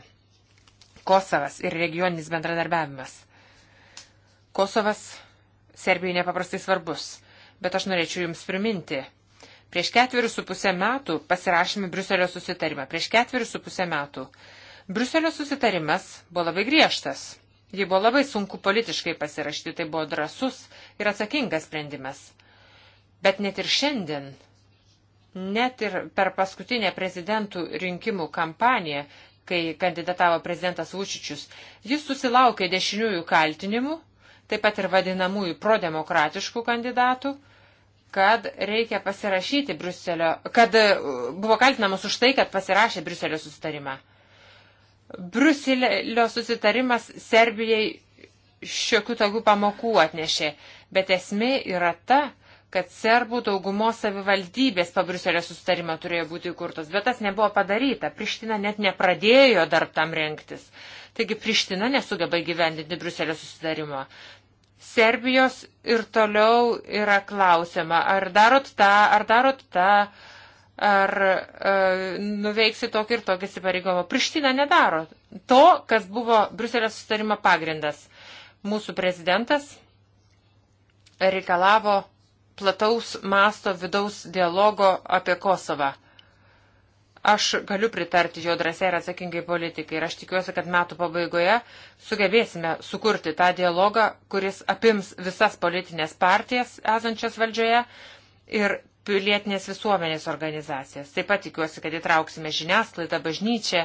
Kosovas ir regioninis bendradarbiavimas. Kosovas Serbijai nepaprastai svarbus bet aš norėčiau Jums priminti. Prieš ketverius su pusę metų pasirašėme Bruselio susitarimą. Prieš ketverius su pusę metų. Bruselio susitarimas buvo labai griežtas. Jį buvo labai sunku politiškai pasirašyti, tai buvo drasus ir atsakingas sprendimas. Bet net ir šiandien, net ir per paskutinę prezidentų rinkimų kampaniją, kai kandidatavo prezidentas Vučičius, jis susilaukė dešiniųjų kaltinimų, taip pat ir vadinamųjų prodemokratiškų kandidatų kad reikia pasirašyti Briuselio, kad e, buvo kaltinamas už tai, kad pasirašė Briuselio susitarimą. Briuselio susitarimas Serbijai šiokių tokių pamokų atnešė, bet esmė yra ta, kad serbų daugumos savivaldybės po Briuselio susitarimą turėjo būti įkurtos, bet tas nebuvo padaryta. Priština net nepradėjo dar tam rengtis. Taigi Priština nesugeba įgyvendinti Briuselio susitarimo. Serbijos ir toliau yra klausiama, ar darot tą, ar darot tą, ar e, nuveiksi tokį ir tokį įsipareigojimą. Priština nedaro to, kas buvo Bruselio sustarimo pagrindas. Mūsų prezidentas reikalavo plataus masto vidaus dialogo apie Kosovą. Aš galiu pritarti jo drąsiai ir atsakingai politikai ir aš tikiuosi, kad metų pabaigoje sugebėsime sukurti tą dialogą, kuris apims visas politinės partijas esančias valdžioje ir pilietinės visuomenės organizacijas. Taip pat tikiuosi, kad įtrauksime žiniasklaidą, bažnyčią,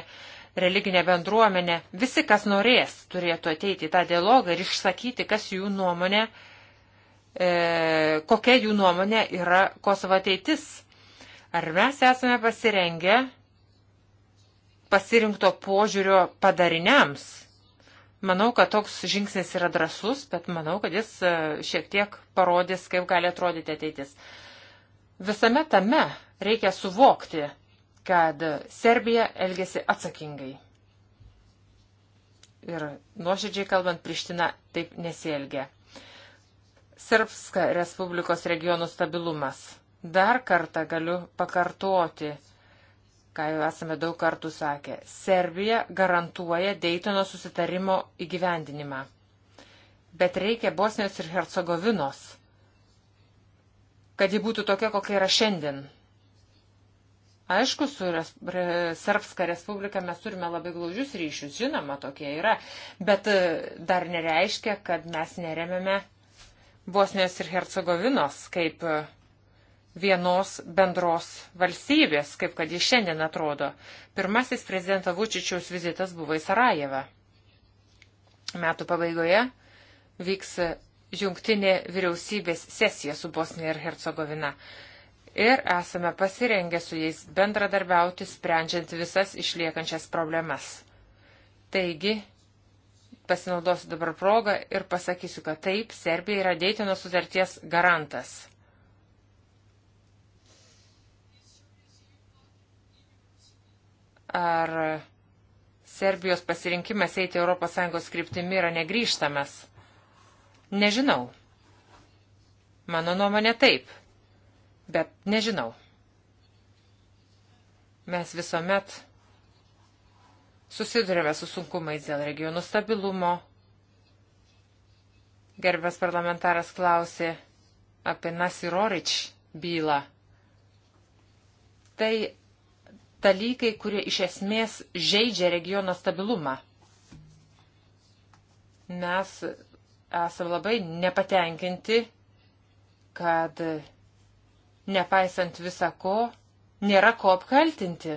religinę bendruomenę. Visi, kas norės, turėtų ateiti į tą dialogą ir išsakyti, kas jų nuomonė, e, kokia jų nuomonė yra Kosovo ateitis Ar mes esame pasirengę pasirinkto požiūrio padariniams? Manau, kad toks žingsnis yra drasus, bet manau, kad jis e, šiek tiek parodys, kaip gali atrodyti ateitis. Visame tame reikia suvokti, kad Serbija elgesi atsakingai. Ir nuoširdžiai kalbant, Priština taip nesielgia. Serbska Respublikos regionų stabilumas Dar kartą galiu pakartoti, ką jau esame daug kartų sakę. Serbija garantuoja Deitono susitarimo įgyvendinimą. Bet reikia Bosnijos ir Hercegovinos, kad ji būtų tokia, kokia yra šiandien. Aišku, su Serbska Respublika mes turime labai glaužius ryšius, žinoma, tokie yra, bet e, dar nereiškia, kad mes neremėme Bosnijos ir Hercegovinos kaip e, vienos bendros valstybės, kaip kad jis šiandien atrodo. Pirmasis prezidento Vučičiaus vizitas buvo į Sarajevą. Metų pabaigoje vyks jungtinė vyriausybės sesija su Bosnija ir Hercegovina. Ir esame pasirengę su jais bendradarbiauti, sprendžiant visas išliekančias problemas. Taigi, pasinaudosiu dabar progą ir pasakysiu, kad taip, Serbija yra Deitino sutarties garantas. Ar Serbijos pasirinkimas eiti ES kryptimi yra negryžtamas? Nežinau. Mano nuomonė taip, bet nežinau. Mes visuomet susidurėme su sunkumais dėl regionų stabilumo. Gerbės parlamentaras klausė apie Nasirorič bylą. Tai dalykai, kurie iš esmės žaidžia regiono stabilumą. Mes esame labai nepatenkinti, kad nepaisant visa ko, nėra ko apkaltinti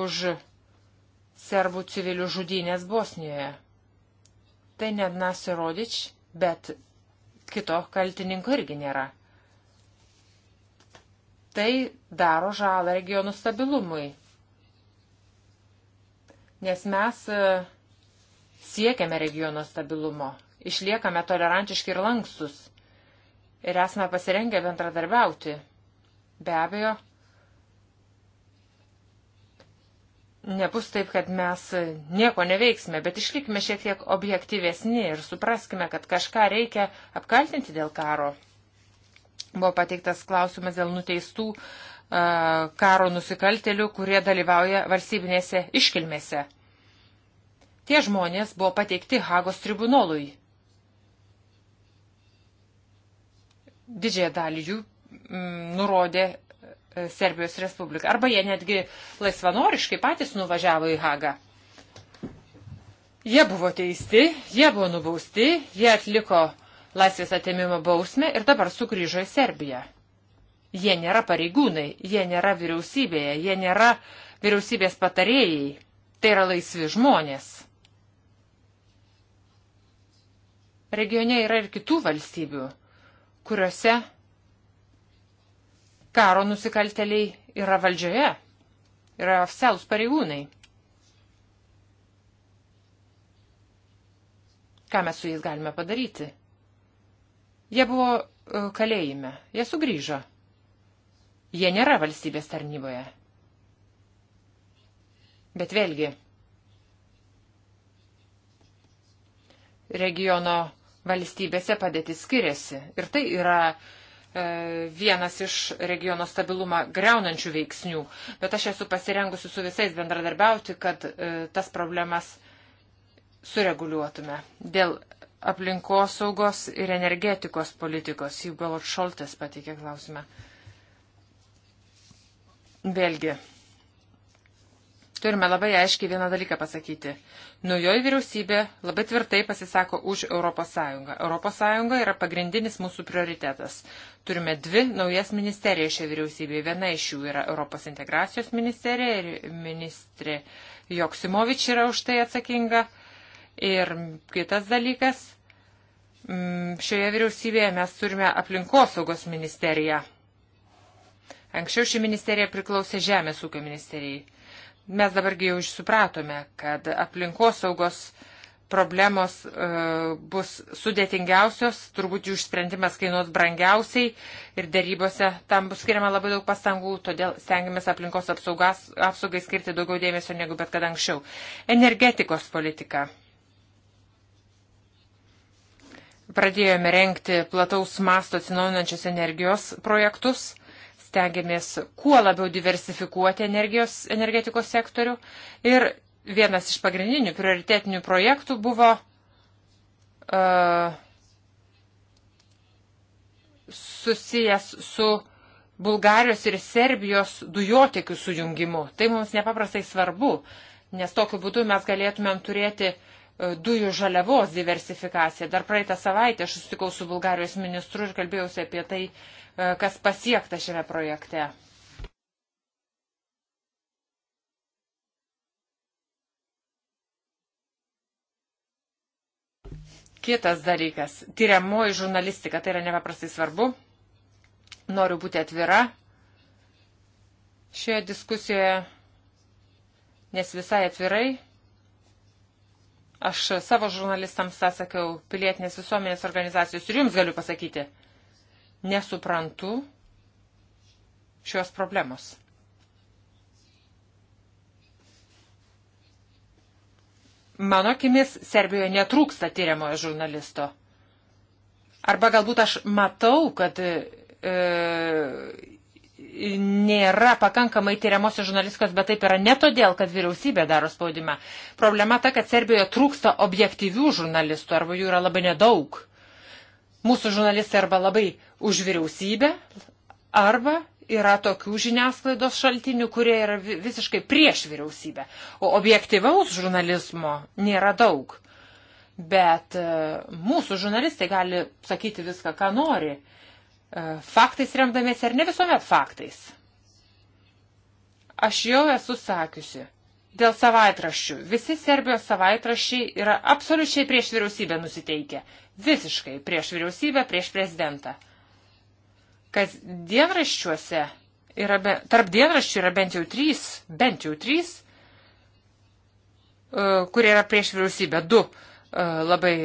už serbų civilių žudynės Bosnijoje. Tai net Nasirodič, bet kito kaltininko irgi nėra. Tai daro žalą regionų stabilumui. Nes mes e, siekiame regiono stabilumo, išliekame tolerantiški ir lankstus ir esame pasirengę bendradarbiauti. Be abejo, nebus taip, kad mes nieko neveiksime, bet išlikime šiek tiek objektyvesni ir supraskime, kad kažką reikia apkaltinti dėl karo. Buvo pateiktas klausimas dėl nuteistų e, karo nusikaltelių, kurie dalyvauja valstybinėse iškilmėse. Tie žmonės buvo pateikti Hagos tribunolui. Didžiąją dalį jų m, mm, nurodė e, Serbijos Respublika. Arba jie netgi laisvanoriškai patys nuvažiavo į Hagą. Jie buvo teisti, jie buvo nubausti, jie atliko laisvės atėmimo bausmę ir dabar sugrįžo į Serbiją. Jie nėra pareigūnai, jie nėra vyriausybėje, jie nėra vyriausybės patarėjai. Tai yra laisvi žmonės. Regione yra ir kitų valstybių, kuriuose karo nusikalteliai yra valdžioje, yra oficialūs pareigūnai. Ką mes su jais galime padaryti? Jie buvo e, kalėjime, jie sugrįžo. Jie nėra valstybės tarnyboje. Bet vėlgi, regiono valstybėse padėtis skiriasi. Ir tai yra e, vienas iš regiono stabilumą greunančių veiksnių, bet aš esu pasirengusi su visais bendradarbiauti, kad e, tas problemas sureguliuotume. Dėl aplinkosaugos ir energetikos politikos. Jų Balot Šoltas patikė klausimą. Vėlgi, turime labai aiškiai vieną dalyką pasakyti. Naujoji vyriausybė labai tvirtai pasisako už ES. ES yra pagrindinis mūsų prioritetas. Turime dvi naujas ministerijas šioje vyriausybėje. Viena iš jų yra Europos integracijos ministerija ir ministrė Joksimovič yra už tai atsakinga. Ir kitas dalykas, mm, šioje vyriausybėje mes turime aplinkosaugos ministeriją. Anksčiau ši ministerija priklausė Žemės ūkio ministerijai. Mes dabargi jau išsupratome, kad aplinkosaugos problemos e, bus sudėtingiausios, turbūt jų išsprendimas kainuos brangiausiai ir darybose tam bus skiriama labai daug pastangų, todėl stengiamės aplinkos apsaugas, apsaugai skirti daugiau dėmesio negu bet kada anksčiau. Energetikos politika. Pradėjome renkti plataus masto atsinaujinančios energijos projektus, stengiamės kuo labiau diversifikuoti energijos, energetikos sektorių ir vienas iš pagrindinių prioritetinių projektų buvo uh, susijęs su Bulgarijos ir Serbijos dujotekių sujungimu. Tai mums nepaprastai svarbu, nes tokiu būdu mes galėtumėm turėti uh, E, dujų žaliavos diversifikacija. Dar praeitą savaitę aš susitikau su Bulgarijos ministru ir kalbėjausi apie tai, e, kas pasiekta šiame projekte. Kitas dalykas - tyriamoji žurnalistika. Tai yra nepaprastai svarbu. Noriu būti atvira šioje diskusijoje, nes visai atvirai Aš savo žurnalistams tą sakiau, pilietinės visuomenės organizacijos ir jums galiu pasakyti, nesuprantu šios problemos. Mano akimis Serbijoje netrūksta tyriamojo žurnalisto. Arba galbūt aš matau, kad e, nėra pakankamai tyriamosios žurnalistikos, bet taip yra ne todėl, kad vyriausybė daro spaudimą. Problema ta, kad Serbijoje trūksta objektyvių žurnalistų arba jų yra labai nedaug. Mūsų žurnalistai arba labai už vyriausybę, arba yra tokių žiniasklaidos šaltinių, kurie yra visiškai prieš vyriausybę. O objektyvaus žurnalizmo nėra daug. Bet e, mūsų žurnalistai gali sakyti viską, ką nori. E, faktais remdamėsi ar ne visuomet faktais. Aš jau esu sakiusi, dėl savaitraščių. Visi Serbijos savaitraščiai yra absoliučiai prieš vyriausybę nusiteikę. Visiškai prieš vyriausybę, prieš prezidentą. Kas dienraščiuose yra, be, tarp dienraščių yra bent jau trys, bent jau trys, uh, kurie yra prieš vyriausybę. Du uh, E, labai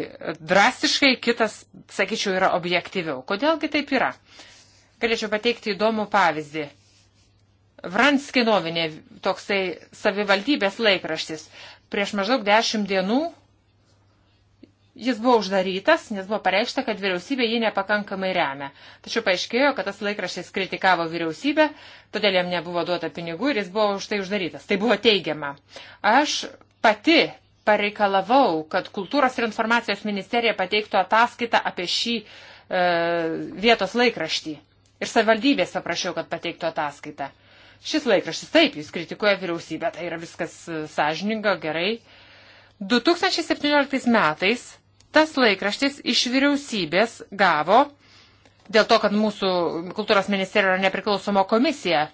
drastiškai, kitas, sakyčiau, yra objektyviau. Kodėlgi taip yra? Galėčiau pateikti įdomų pavyzdį. Vranskinovinė, toksai savivaldybės laikraštis, prieš maždaug dešimt dienų jis buvo uždarytas, nes buvo pareikšta, kad vyriausybė jį nepakankamai remia. Tačiau paaiškėjo, kad tas laikraštis kritikavo vyriausybę, todėl jam nebuvo duota pinigų ir jis buvo už tai uždarytas. Tai buvo teigiama. Aš pati pareikalavau, kad kultūros ir informacijos ministerija pateiktų ataskaitą apie šį e, vietos laikraštį. Ir savivaldybės paprašiau, kad pateiktų ataskaitą. Šis laikraštis taip, jis kritikuoja vyriausybę, tai yra viskas e, sąžininga, gerai. 2017 metais tas laikraštis iš vyriausybės gavo, dėl to, kad mūsų kultūros ministerija yra nepriklausomo komisija,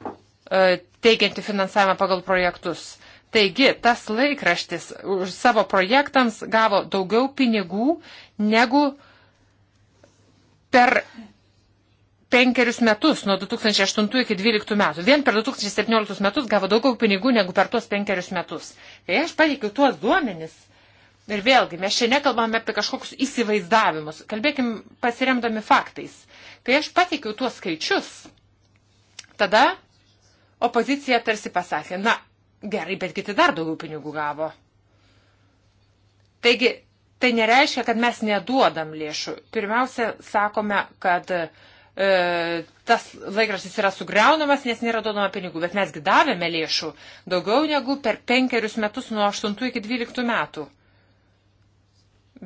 e, teikianti finansavimą pagal projektus. Taigi, tas laikraštis už savo projektams gavo daugiau pinigų negu per penkerius metus, nuo 2008 iki 2012 metų. Vien per 2017 metus gavo daugiau pinigų negu per tuos penkerius metus. Kai aš pateikiu tuos duomenis, ir vėlgi, mes čia nekalbame apie kažkokius įsivaizdavimus, kalbėkim pasiremdami faktais. Kai aš pateikiu tuos skaičius, tada opozicija tarsi pasakė, na, Gerai, bet kiti dar daugiau pinigų gavo. Taigi, tai nereiškia, kad mes neduodam lėšų. Pirmiausia, sakome, kad e, tas laikraštis yra sugriaunamas, nes nėra duodama pinigų, bet mesgi davėme lėšų daugiau negu per penkerius metus nuo 8 iki 12 metų.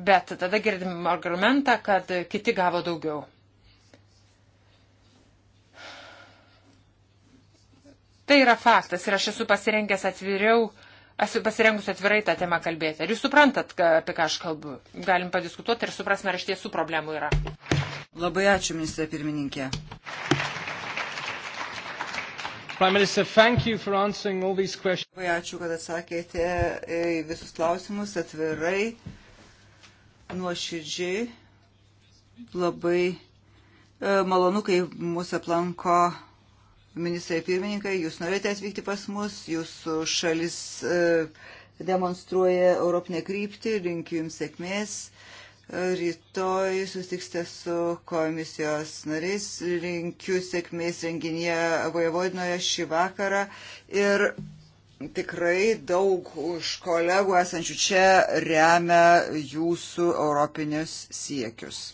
Bet tada girdim argumentą, kad kiti gavo daugiau. Tai yra faktas ir aš esu pasirengęs atviriau, esu pasirengus atvirai tą temą kalbėti. Ar jūs suprantat, ką, apie ką aš kalbu? Galim padiskutuoti ir suprasme, ar iš tiesų problemų yra. Labai ačiū, ministrė pirmininkė. Prime Minister, thank you for answering all these questions. Labai ačiū, kad atsakėte į visus klausimus atvirai, nuoširdžiai. Labai e, malonu, kai mūsų aplanko Ministrai pirmininkai, jūs norite atvykti pas mus, jūsų šalis e, demonstruoja Europinę kryptį, linkiu jums sėkmės. E, rytoj susitiksite su komisijos nariais, linkiu sėkmės renginyje Vojvodinoje šį vakarą ir tikrai daug už kolegų esančių čia remia jūsų europinius siekius.